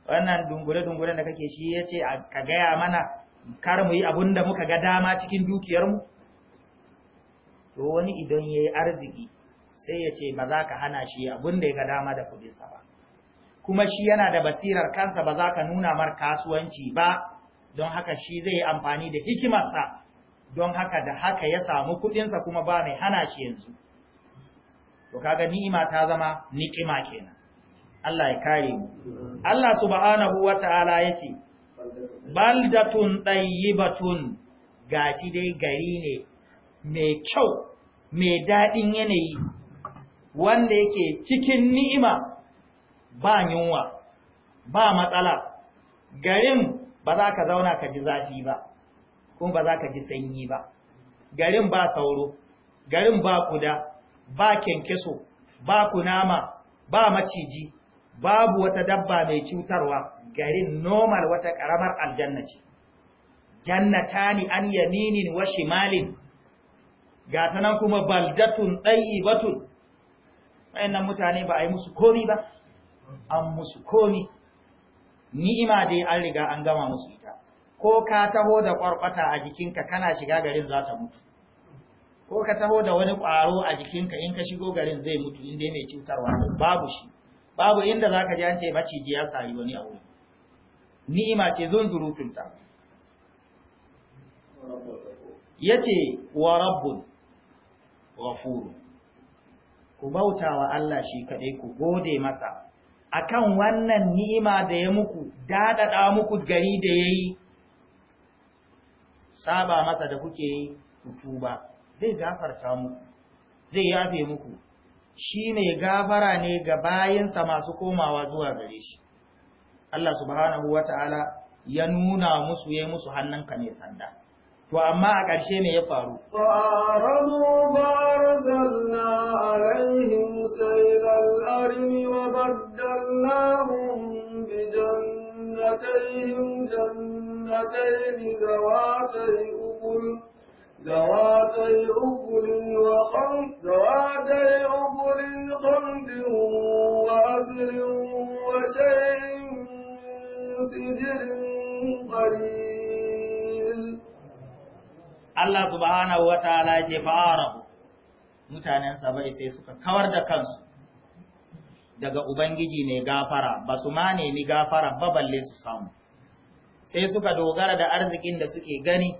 wannan dungure dungure da kake shi yace ka gaya mana kar mu yi abinda muka ga dama cikin dukiyar mu to wani idan yayi arziki sai ya ce ba za ka hana shi abin ya ga dama da kudinsa ba kuma shi yana da basirar kansa ba za ka nuna mar kasuwanci ba don haka shi zai yi amfani da hikimarsa don haka da haka ya samu kudinsa kuma ba mai hana shi yanzu to kaga ni'ima ta zama ni'ima kenan Allah ya kare mu Allah subhanahu wata'ala yace baldatun tayyibatun gashi dai gari ne mai kyau mai daɗin yanayi wanda yake cikin ni'ima ba yunwa ba matsala garin ba za ka zauna ka ji zafi ba kuma ba za ka ji sanyi ba garin ba sauro garin ba kuda ba kyankyaso ba kunama ba maciji babu wata dabba mai cutarwa garin normal wata karamar aljanna ce jannatani an yaminin wa shimalin gata nan kuma baldatun ɗayi batun wayannan mutane ba a yi musu komi ba an musu komi ni'ima dai an riga an gama musu ita ko ka taho da kwarkwata a jikinka kana shiga garin za ta mutu ko ka taho da wani ƙwaro a jikinka in ka shigo garin zai mutu inda mai cutarwa babu shi babu inda za ka jance an ce ya sayi wani abu ni'ima ce zunzurutunta ya ce wa rabbun ghafuru ku bauta wa Allah shi kaɗai ku gode masa akan wannan ni'ima da ya muku daɗaɗa muku gari da ya yi saba masa da kuke yi ku tuba zai gafarta muku zai yafe muku shi mai gafara ne ga bayansa masu komawa zuwa gare shi Allah subhanahu wa ta'ala ya nuna musu ya musu hannunka ne sanda to amma a ƙarshe ne ya faru fa'arabu barzalna alaihim sai arimi wa baddallahum bi jannatayhim jannatayn zawatay ukul ذواتي أكل وخمد ذواتي أكل خمد وأسل وشيء سدر قليل Allah subhanahu wa ta'ala ce fara mutanen sabai sai suka kawar da kansu daga Ubangiji ne gafara ba su ma nemi gafara ba balle su samu sai suka dogara da arzikin da suke gani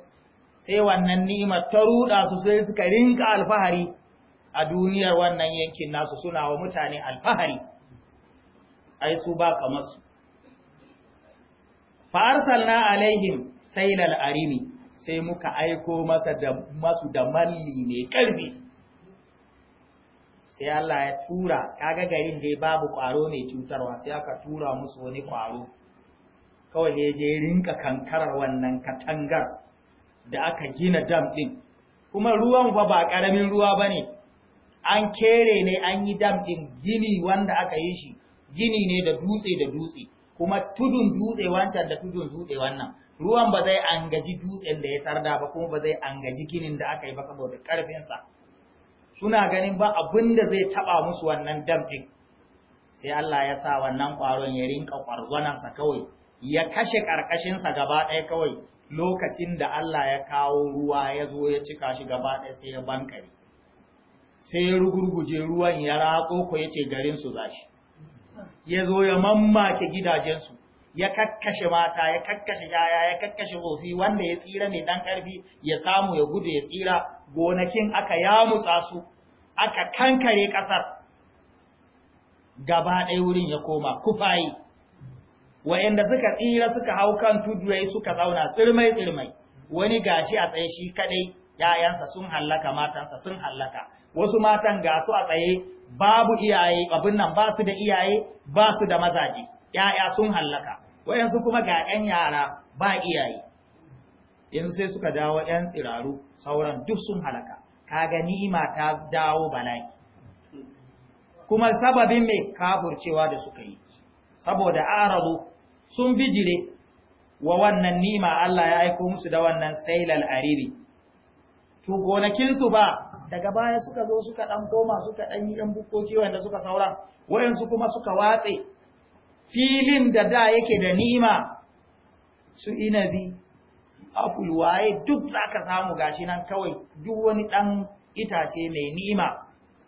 sai wannan ni'imar ta ruda su sai suka rinka alfahari a duniyar wannan yankin nasu suna wa mutane alfahari ai su ba kamar su fa arsalna alaihim sailal arimi sai muka aiko masa da masu da malli mai karfi sai Allah ya tura kaga garin dai babu kwaro ne cutarwa sai aka tura musu wani kwaro kawai ya je rinka kankarar wannan katangar da aka gina dam din kuma ruwan ba ba karamin ruwa bane an kere ne an yi dam din gini wanda aka yi shi gini ne da dutse da dutse kuma tudun dutse wancan da tudun dutse wannan ruwan ba zai angaji dutsen da ya tarda ba kuma ba zai angaji ginin da aka yi ba saboda karfinsa suna ganin ba abin da zai taba musu wannan damfin sai Allah ya sa wannan kwaron ya rinka sa kawai ya kashe ƙarƙashinsa gaba ɗaya kawai lokacin da Allah ya kawo ruwa ya zo ya cika shi gaba ɗaya sai ya bankare sai ya rugurguje ruwan ya rako ko ya ce garin su zashi ya zo ya mammake gidajensu ya kakkashe mata ya kakkashe yaya ya kakkashe gofi wanda ya tsira mai dan karfi ya samu ya gudu ya tsira gonakin aka yamutsa su aka kankare kasar gaba ɗaya wurin ya koma kufayi wa'anda suka tsira suka hau kan tudurai suka zauna tsirmai tsirmai wani gashi a tsaye shi kadai yayansa sun hallaka matansa sun hallaka wasu matan ga su a tsaye babu iyaye abin nan ba su da iyaye ba su da mazaje ‘ya'ya sun hallaka, wayansu kuma ga ƴan yara ba iyaye yanzu sai suka dawo 'yan tsiraru sauran duk sun halaka kaga ni'ima ta dawo bala'i kuma sababin mai kaburcewa da suka yi saboda arabu sun bijire wa wannan ni'ima Allah ya aiko musu da wannan sailal ariri to su ba daga baya suka zo suka dan koma suka dan yi yan bukkoki wanda suka saura wayansu kuma suka watse filin da da yake da nima su inabi apple waye duk zaka samu gashi nan kawai duk wani dan itace mai nima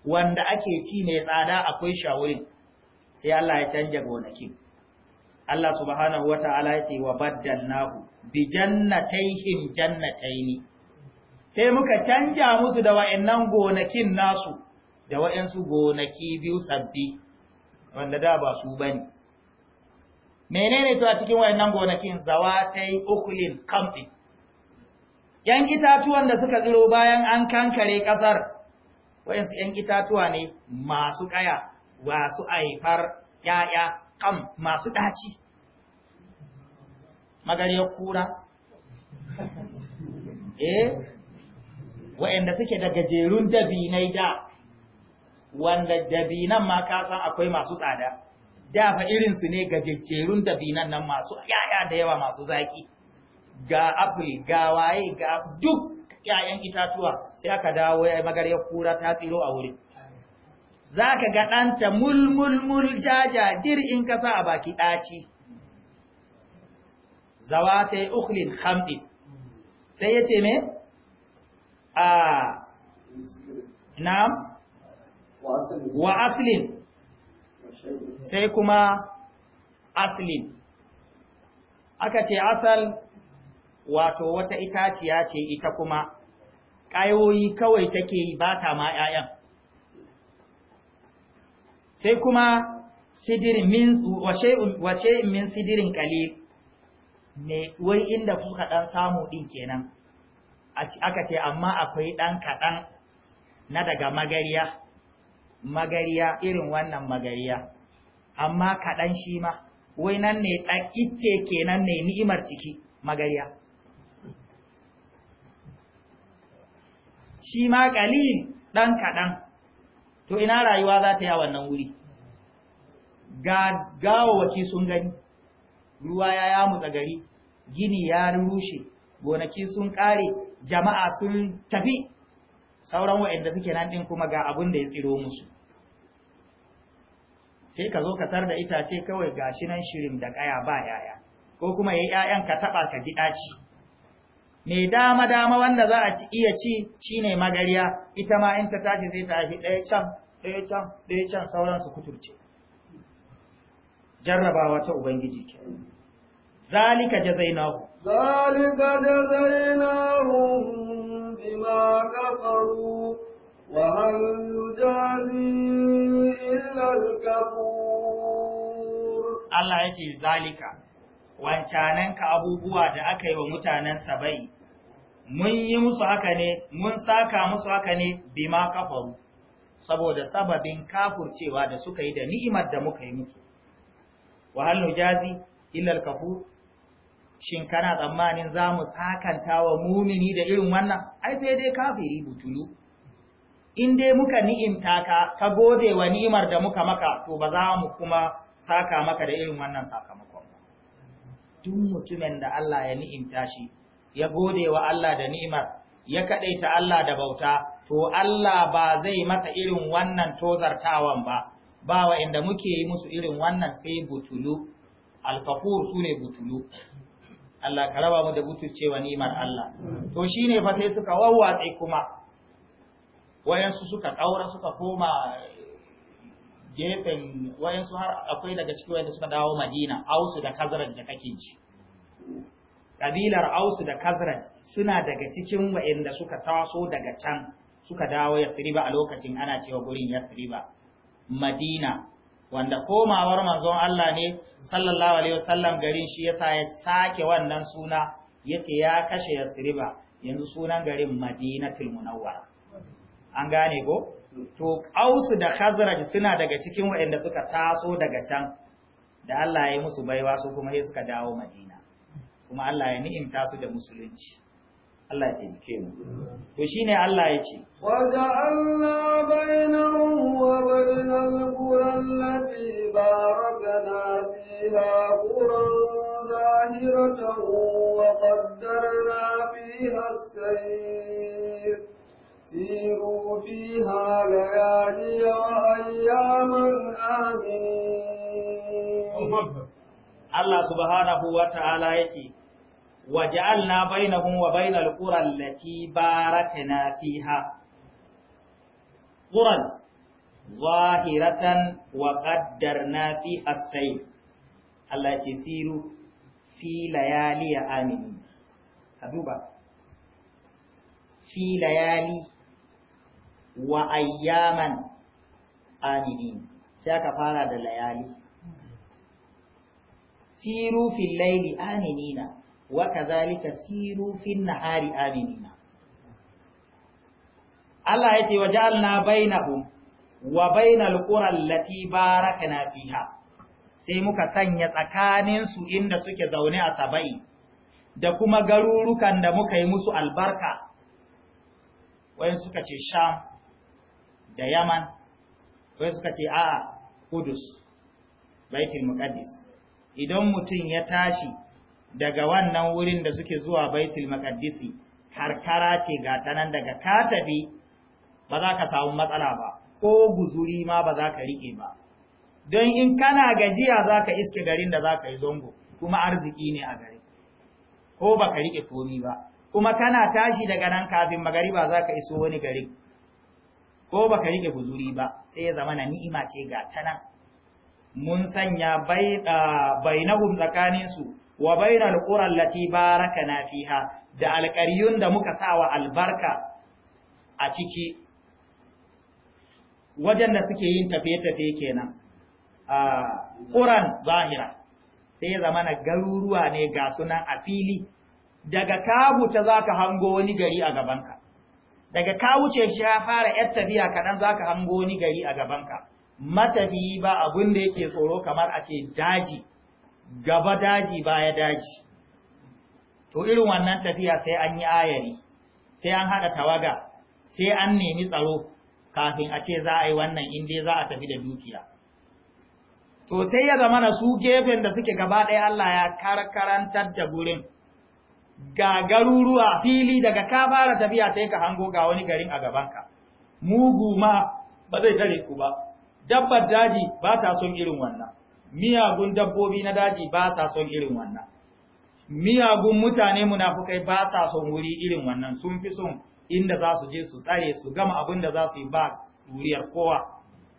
wanda ake ci mai tsada akwai shawurin sai Allah ya canja gonakin Allah subhanahu wata'ala ya ce wa baddalnahu bi jannatayhim jannataini sai muka canja musu da wa'annan gonakin nasu da wayansu gonaki biyu sabbi wanda da ba su bane menene to a cikin wayannan gonakin zawatai ukulin kamfi yan itatuwan da suka tsiro bayan an kankare kasar wayansu yan itatuwa ne masu kaya wasu aifar yaya kam masu daci magariyar kura *laughs* eh wayanda suke da gajerun dabinai da wanda dabinan ma kasan akwai masu tsada dafa irinsu ne ga jejjerun dabinan nan masu yaya da yawa masu zaki ga apple ga waye ga duk yayan itatuwa sai aka dawo ya magarya kura ta tsiro a wurin za ka ga ɗanta mulmulmul jaja dir in ka sa a baki ɗaci zawa ta yi uklin sai ya ce me a na wa aslin sai kuma asli aka ce asal wato wata itaciya ce ita kuma ƙayoyi kawai take yi ba ta ma ‘ya'yan sai kuma wace min sidirin ƙale mai wai inda kuka ɗan samu ɗin kenan aka ce amma akwai ɗan kaɗan na daga magariya magariya irin wannan magariya amma kaɗan shi ma wai nan ne ɗakice kenan ne ni'imar ciki magariya shi ma ƙalil ɗan kaɗan to ina rayuwa za ta yi a wannan wuri ga gawawaki sun gani ruwa ya yamutsa gari gini ya rushe gonaki sun ƙare jama'a sun tafi sauran waɗanda suke nan ɗin kuma ga abin da ya tsiro musu sai ka zo ka tar da itace kawai gashi nan shirin da kaya ba yaya ko kuma yayi yayan ka taba ka ji daci mai dama dama wanda za a ci iya ci shine magariya ita ma in ta tashi zai ta haifi ɗaya can ɗaya can ɗaya can sauran su kuturce jarrabawa ta ubangiji ke zalika jazainahu zalika jazainahu bima kafaru وهل يجازي إلا الكفور الله يجي ذلك wancanan ka abubuwa da aka yi wa mutanen mun yi musu haka ne mun saka musu haka ne bima kafaru saboda sababin kafurcewa da suka yi da ni'imar da muka yi musu wahal nujazi illa al-kafur shin kana tsammanin za mu sakanta wa mumini da irin wannan ai sai dai kafiri butulu in dai muka ni'imta ka ka gode wa ni'imar da muka maka to ba za mu kuma saka maka da irin wannan sakamakon ba duk mutumin da Allah ya ni'imta shi ya gode wa Allah da ni'imar ya kadaita Allah da bauta to Allah ba zai masa irin wannan tozartawan ba ba wa inda muke yi musu irin wannan sai butulu alfakur sune butulu Allah ka raba mu da butulcewa ni'imar Allah to shine fa sai suka wawwatse kuma wayansu suka ɗaura suka koma gefen wayansu har akwai daga ciki wayanda suka dawo madina ausu da kazraj da kake ji ƙabilar ausu da kazraj suna daga cikin wayanda suka taso daga can suka dawo tsiriba a lokacin ana cewa gurin tsiriba madina wanda komawar manzon Allah ne sallallahu alaihi wasallam garin shi yasa ya sake wannan suna yace ya kashe yasriba yanzu sunan garin madinatul munawwara an gane go? to ausu da khazraj suna daga cikin waɗanda suka taso daga can da Allah ya yi musu baiwa su kuma sai suka dawo Madina kuma Allah ya ni'imta su da musulunci Allah ya taimake mu to shine Allah ya ce wa ja'alna bainahum wa bainal qura allati barakna fiha quran zahiratan wa qaddarna fiha as-sayr سيروا فيها ليالي وأياما آمنين الله سبحانه وتعالى يتي وجعلنا بينهم وبين القرى التي باركنا فيها قرى ظاهرة وقدرنا في السير الله ce في ليالي layali ya في ليالي wa ayyaman aminin sai aka fara da layali siru fil laili aminina wa kadhalika siru fil nahari aminina Allah ya ce wa bainahum wa bainal qura allati barakna fiha sai muka sanya tsakanin su inda suke zaune a sabai da kuma garurukan da muka yi musu albarka wayan suka ce sha. da yaman sai suka ce a kudus baitul muqaddis idan mutum ya tashi daga wannan wurin da suke zuwa baitul muqaddisi karkara ce ga tanan daga katabi ba za ka samu matsala ba ko guzuri ma ba za ka rike ba don in kana gajiya za ka iske garin da za ka yi zongo kuma arziki ne a gari ko ba ka rike komi ba kuma kana tashi daga nan kafin magariba za ka iso wani garin ko baka rike guzuri ba sai ya zama na ni'ima ce ga tana mun sanya bainahum tsakanin su wa bainal qura allati barakana fiha da alqaryun da muka sawa albarka a ciki wajen da suke yin tafiye-tafiye kenan a ƙuran zahira sai ya zama na garuruwa ne ga sunan a fili daga kabuta za ka hango wani gari a gabanka daga ka wuce shi ya fara yar tafiya kaɗan za ka hango ni gari a gabanka matafi ba abin da yake tsoro kamar a ce daji gaba daji baya daji to irin wannan tafiya sai an yi ayari sai an haɗa tawaga sai an nemi tsaro kafin a ce za a yi wannan inda za a tafi da dukiya to sai ya zama na su gefen da suke gaba ɗaya Allah ya karkarantar da gurin ga garuruwa fili daga ka fara tafiya ta yi ka hango ga wani garin a gabanka mugu ma ba zai tare ku ba dabbar daji ba ta son irin wannan miyagun dabbobi na daji ba ta son irin wannan miyagun mutane munafukai ba ta son wuri irin wannan sun fi son inda za su je su tsare su gama abin da za su yi ba duriyar kowa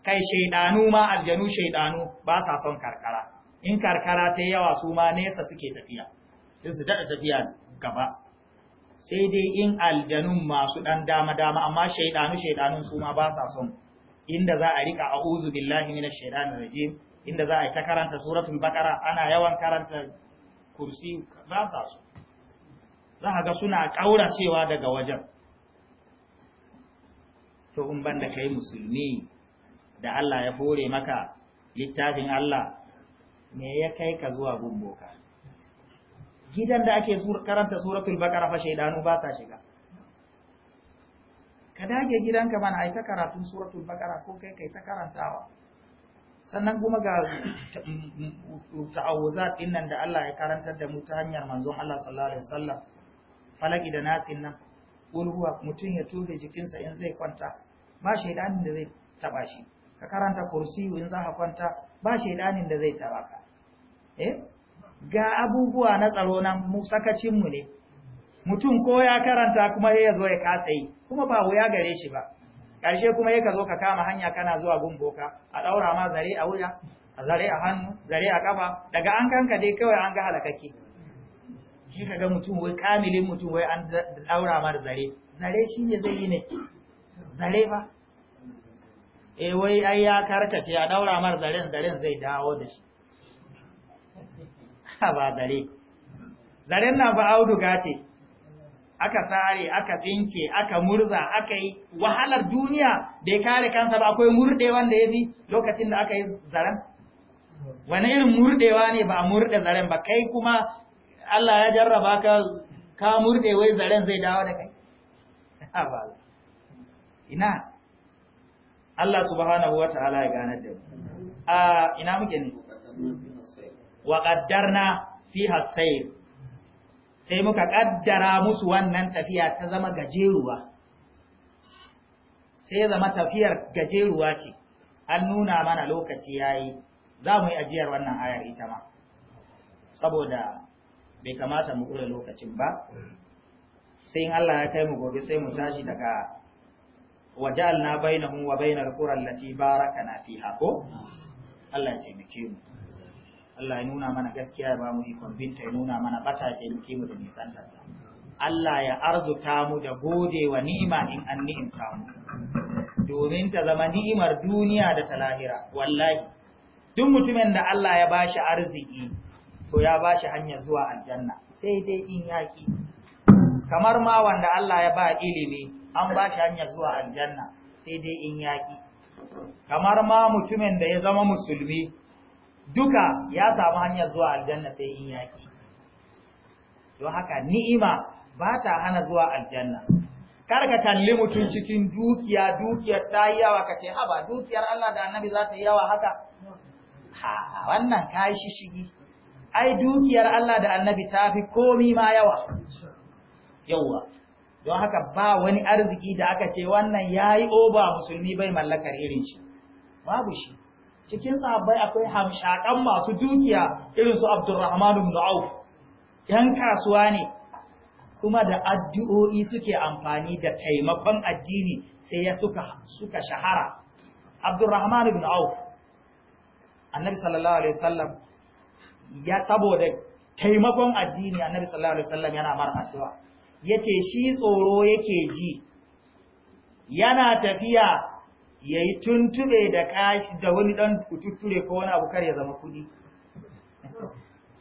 kai shaidanu ma aljanu shaidanu ba ta son karkara in karkara ta yawa su ma nesa suke tafiya sai su daɗa tafiya ne ka ba sai dai in aljanun masu dan dama dama amma shaidanu shaidanun su ma ba sa son inda za a rika a'udhu billahi minash shaitanir rajim inda za a yi ta karanta suratul baqara ana yawan karanta kursi ba sa so za ka ga suna cewa daga wajen to in banda kai musulmi da Allah ya hore maka littafin Allah me ya kai ka zuwa gumboka gidan da ake karanta suratul baqara fa shaydanu ba ta shiga ka dage gidanka mana ai ta karatun suratul baqara ko kai kai ta karantawa sannan kuma ga ta'awuzat din da Allah ya karantar da mu ta hanyar manzon Allah sallallahu alaihi wasallam falaki da nasin nan huwa mutum ya tube jikinsa in zai kwanta ba shaydanin da zai taba shi ka karanta kursiyu in za ka kwanta ba shaydanin da zai taba ka eh ga abubuwa na tsaro na sakacinmu ne mutum ko ya karanta kuma ya zo ya katsayi kuma ba wuya gare shi ba ƙarshe kuma ya ka zo ka kama hanya kana zuwa gumboka a ɗaura ma zare a wuya a zare a hannu zare a ƙafa. daga an kanka dai kawai an ga halakake sai ka ga mutum wai kamilin mutum wai an ɗaura ma da zare zare shi ne zai yi ne zare ba e eh wai ai ya karkace a ɗaura mar zaren zaren zai dawo da shi ba dare. zaren na ba auduga ce aka sare aka tsinke aka murza aka yi wahalar duniya da ya kare kansa ba akwai murdewan da ya fi lokacin da aka yi zaren wani irin murdewa ne ba a murde zaren ba kai kuma Allah ya jarraba ka ka murde wai zaren zai dawo da kai ina Allah subhanahu wa ta'ala ya ganar da mu a ina muke ne wa qaddarna fiha sayr sai muka ƙaddara musu wannan tafiya ta zama gajeruwa sai zama tafiyar gajeruwa ce an nuna mana lokaci yayi za mu yi ajiyar wannan ayar ita ma saboda bai kamata mu kure lokacin ba sai in Allah ya kai mu gobe sai mu tashi daga wajalna bainahum wa bainal qura allati na fiha ko Allah ya taimake mu Allah ya nuna mana gaskiya ya ba mu ikon binta ya nuna mana bata ce muke mu da nisan ta Allah ya arzuta mu da gode wa ni'ima in an ni'imta mu domin ta zama ni'imar duniya da ta lahira wallahi duk mutumin da Allah ya bashi arziki to ya bashi hanyar zuwa aljanna sai dai in yaki kamar ma wanda Allah ya ba ilimi an bashi hanyar zuwa aljanna sai dai in yaki kamar ma mutumin da ya zama musulmi duka ya samu hanyar zuwa aljanna sai in yaki don haka ni'ima ba ta hana zuwa aljanna kar ka kalli mutum cikin dukiya dukiyar ta yi yawa ka ce haba dukiyar Allah da annabi za ta yi yawa haka ha wannan ka yi shishigi ai dukiyar Allah da annabi ta fi komi ma yawa yawa don haka ba wani arziki da aka ce wannan ya yi oba musulmi bai mallakar irin shi babu shi cikin sahabbai akwai hamshakan masu dukiya irin su Abdurrahman ibn Auf yan kasuwa ne kuma da addu'o'i suke amfani da taimakon addini sai ya suka suka shahara Abdurrahman ibn Auf Annabi sallallahu alaihi wasallam ya saboda taimakon addini Annabi sallallahu alaihi wasallam yana mar addu'a yace shi tsoro yake ji yana tafiya ya yi tuntube da kashi da wani ɗan kututture ko wani abu kar ya zama kuɗi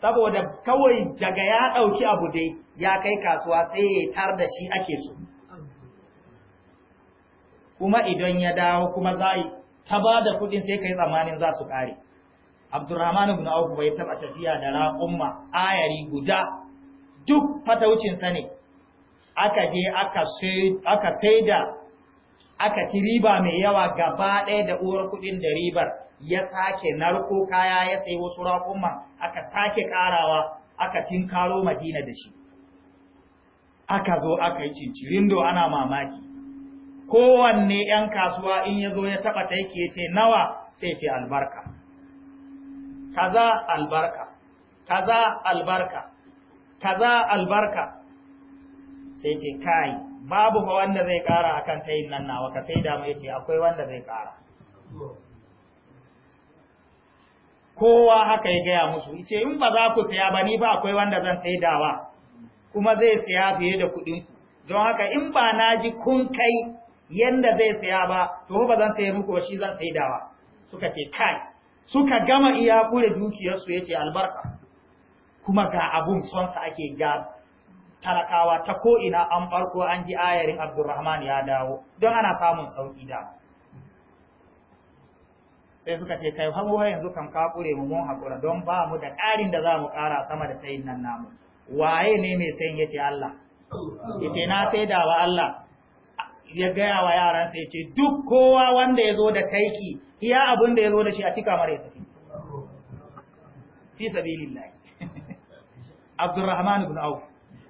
saboda kawai daga ya ɗauki abu dai ya kai kasuwa sai ya tar da shi ake so kuma idan ya dawo kuma za a ta ba da kuɗin sai ka yi tsammanin za su ƙare abdurrahman ibn auf bai taɓa tafiya da raƙumma ayari guda duk fataucinsa ne aka je aka sai da aka ci riba mai yawa gaba ɗaya da uwar kuɗin da ribar ya sake narko kaya ya sai wasu raƙumman aka sake ƙarawa aka tinkaro madina da shi aka zo aka yi do ana mamaki kowanne 'yan kasuwa in ya zo ya taɓa ta yake ce nawa sai ce albarka kaza albarka kaza albarka kaza albarka sai ce kai babu fa wanda zai kara akan tayin nan nawa ka sai da mu ce akwai wanda zai kara kowa haka ya gaya musu ce in ba za ku saya ba ni ba akwai wanda zan sai dawa kuma zai saya fiye da kuɗin ku don haka in ba na ji kun kai yanda zai saya ba to ba zan sai muku ba shi zan sai dawa suka ce kai suka gama iya kure dukiyarsu yace albarka kuma ga abun son ake ga talakawa ta ko ina an farko an ji ayarin abdurrahman ya dawo don ana samun sauƙi da sai suka ce kai hamuwa yanzu kan kakure mu mun haƙura don ba mu da ƙarin da za mu ƙara sama da sayin nan namu waye ne mai sayin ya ce Allah ya ce na sai da wa Allah ya gaya wa yaransa ya ce duk kowa wanda ya zo da taiki iya abin da ya zo da shi a cika mara ya tafi fi sabilillahi *laughs* abdurrahman ibn auf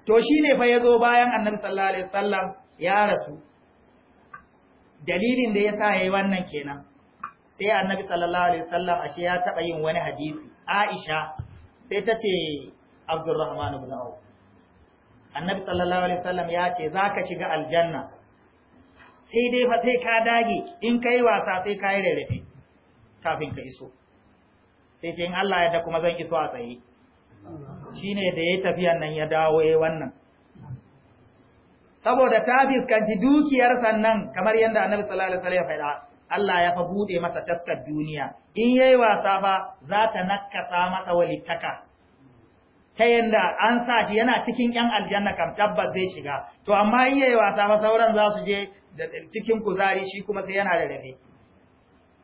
to shi ne fa ya zo bayan annabi sallallahu alaihi wasallam ya rasu dalilin da ya yasa yi wannan kenan sai annabi sallallahu alaihi wasallam ashe ya taba yin wani hadisi Aisha sai ta ce Abdurrahman ibn awf annabi sallallahu alaihi wasallam ya ce zaka shiga aljanna sai dai fa sai ka dage in kai wasa sai ka yi rarrafe kafin ka iso sai ce in Allah ya da kuma zan iso a tsaye Shi ne da ya tafiyan nan ya dawo ya eh, wannan saboda ta fiskanci dukiyar sannan kamar yadda annabi sallallahu alaihi wasallam ya faɗa Allah ya fa bude masa taskar duniya in yayi wasa fa za ta nakasa masa walittaka ta yadda an sa shi yana cikin ‘yan aljanna kam tabbas zai shiga, to amma in yayi wasa fa sauran za su je da cikin kuzari shi kuma sai yana da rabe,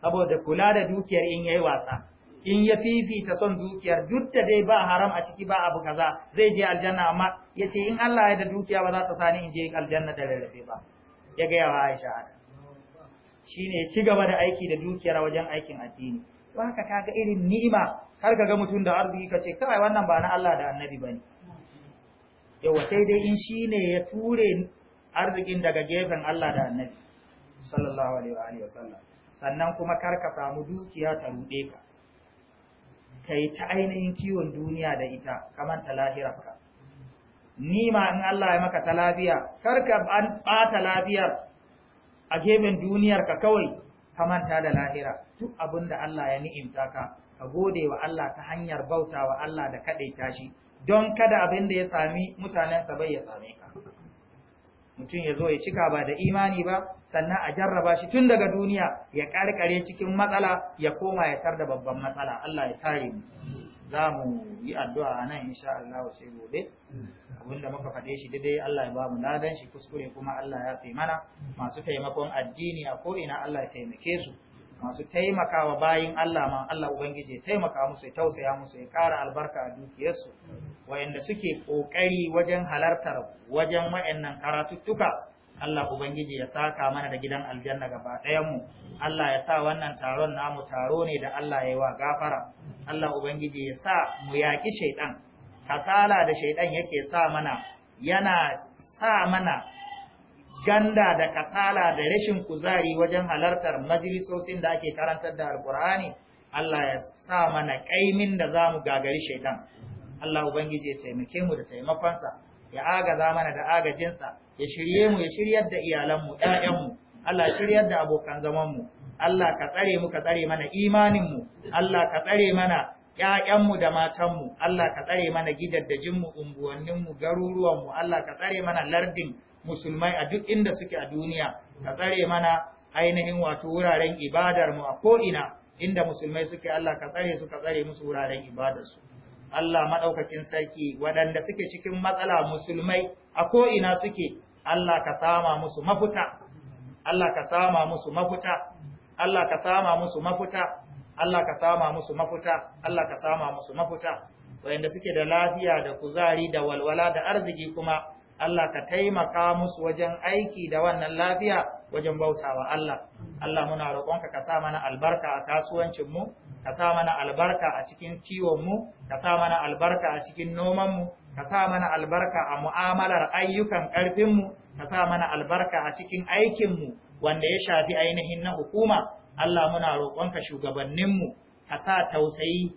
saboda kula da dukiyar in yayi wasa. in ya fifita son dukiyar duk da dai ba haram a ciki ba abu kaza zai je aljanna amma ya in Allah ya da dukiya ba za ta sani in je aljanna da rarrafe ba ya gaya wa Aisha haka shine ya ci gaba da aiki da dukiyar wajen aikin addini to haka kaga irin ni'ima har ga mutum da arziki ka kace kai wannan ba na Allah da annabi bane yawa sai dai in shine ya ture arzikin daga gefen Allah da annabi sallallahu alaihi wa alihi sannan kuma kar ka samu dukiya ta rude ka yi ta ainihin kiwon duniya da ita kamar ta lahirarka nima in Allah ya maka ta lafiya kar ka ɓata lafiyar a gefen duniyarka kawai ka manta da lahira duk abin da Allah ya ni'imta ka ka gode wa Allah ta hanyar bauta wa Allah da kaɗaita shi don kada abin da ya sami mutanensa bai ya same ka mutum ya zo ya cika ba da imani ba sannan a jarraba shi tun daga duniya ya karkare cikin matsala ya koma ya tar da babban matsala Allah ya kare mu za mu yi addu'a a nan insha Allah sai gobe abinda muka faɗe shi daidai Allah ya ba mu ladan shi kuskure kuma Allah ya fi mana masu taimakon addini a ko'ina Allah ya taimake su masu taimakawa bayin Allah ma Allah Ubangiji ya taimaka musu ya tausaya musu ya ƙara albarka a dukiyarsu wayanda suke ƙoƙari wajen halartar wajen wayannan karatuttuka Allah Ubangiji ya saka mana da gidan aljanna gaba mu. Allah ya sa wannan taron namu taro ne da Allah ya yi wa gafara, Allah Ubangiji ya sa mu yaƙi shaiɗan, kasala da shaiɗan yake sa mana, yana sa mana ganda da kasala da rashin kuzari wajen halartar majalisosin da ake karantar da alkur'ani Allah ya sa mana ƙaimin da za mu gagari shaiɗan. Allah Ubangiji ya taimake mu da taimakonsa. ya agaza mana da agajinsa ya shirye mu ya shiryar da iyalanmu ƴaƴanmu Allah shiryar da abokan zaman mu. Allah ka tsare mu ka tsare mana imanin mu. Allah ka tsare mana ƴaƴanmu da matanmu Allah ka tsare mana unguwannin mu, garuruwan mu. Allah ka tsare mana lardin musulmai a duk inda suke a duniya ka tsare mana ainihin wato wuraren ibadarmu a ko'ina inda musulmai suke Allah ka tsare su ka tsare musu wuraren ibadarsu Allah maɗaukakin sarki waɗanda suke cikin matsala musulmai a ko'ina suke Allah ka sama musu mafuta, Allah ka sama musu mafuta, Allah ka sama musu mafuta, Allah ka sama musu mafuta, Allah ka sama musu mafuta, waɗanda suke da lafiya da kuzari da walwala da arziki kuma Allah ka taimaka musu wajen aiki da wannan lafiya wajen bautawa Allah. Allah muna roƙonka ka sa mana albarka a kasuwancin mu. ka sa mana albarka a cikin kiwonmu ka sa mana albarka a cikin nomanmu ka sa mana albarka a mu'amalar ayyukan ƙarfinmu ka sa mana albarka a cikin aikin mu wanda ya shafi ainihin na hukuma Allah muna roƙonka shugabanninmu ka sa tausayi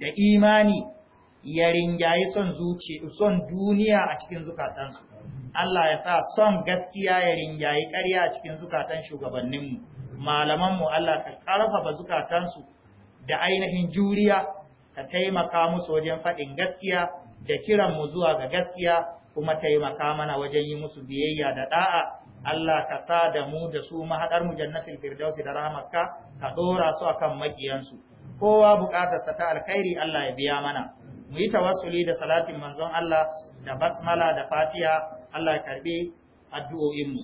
da imani ya ringayi son zuci son duniya a cikin zukatansu Allah ya sa son gaskiya ya ringayi ƙarya a cikin zukatan shugabanninmu malamanmu Allah ka ƙarfafa zukatansu da ainihin juriya ka taimaka musu wajen faɗin gaskiya da kiran mu zuwa ga gaskiya kuma taimaka mana wajen yi musu biyayya da da'a Allah ka sa da mu da su mahaɗar mu jannatin firdausi da rahmatka ka ɗora su akan maƙiyansu kowa buƙatarsa ta alkhairi Allah ya biya mana mu yi tawassuli da salatin manzon Allah da basmala da fatiha Allah ya karbi addu'o'inmu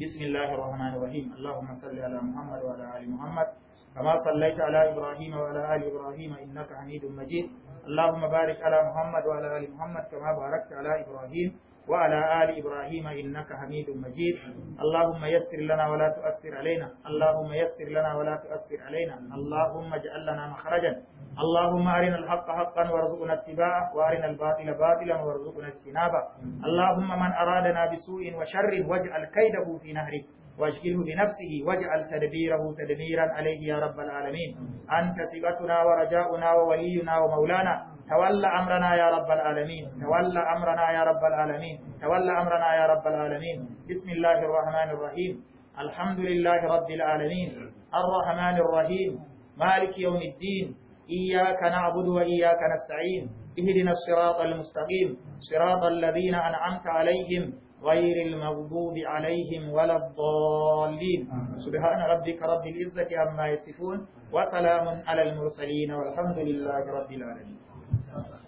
bismillahir rahmanir rahim Allahumma salli ala Muhammad wa ala ali Muhammad كما صليت على إبراهيم وعلى آل إبراهيم إنك حميد مجيد اللهم بارك على محمد وعلى آل محمد كما باركت على إبراهيم وعلى آل إبراهيم إنك حميد مجيد اللهم يسر لنا ولا تؤثر علينا اللهم يسر لنا ولا تؤثر علينا اللهم اجعل لنا مخرجا اللهم أرنا الحق حقا وارزقنا اتباعه وأرنا الباطل باطلا وارزقنا اجتنابه اللهم من أرادنا بسوء وشر واجعل كيده في نهره واشكره بنفسه واجعل تدبيره تدميرا عليه يا رب العالمين أنت صيغتنا ورجاؤنا وولينا ومولانا تولى أمرنا يا رب العالمين تولى أمرنا يا رب العالمين تولى أمرنا يا رب العالمين بسم الله الرحمن الرحيم الحمد لله رب العالمين الرحمن الرحيم مالك يوم الدين إياك نعبد وإياك نستعين اهدنا الصراط المستقيم صراط الذين أنعمت عليهم غير المغضوب عليهم ولا الضالين سبحان ربك رب العزة عما يصفون وسلام على المرسلين والحمد لله رب العالمين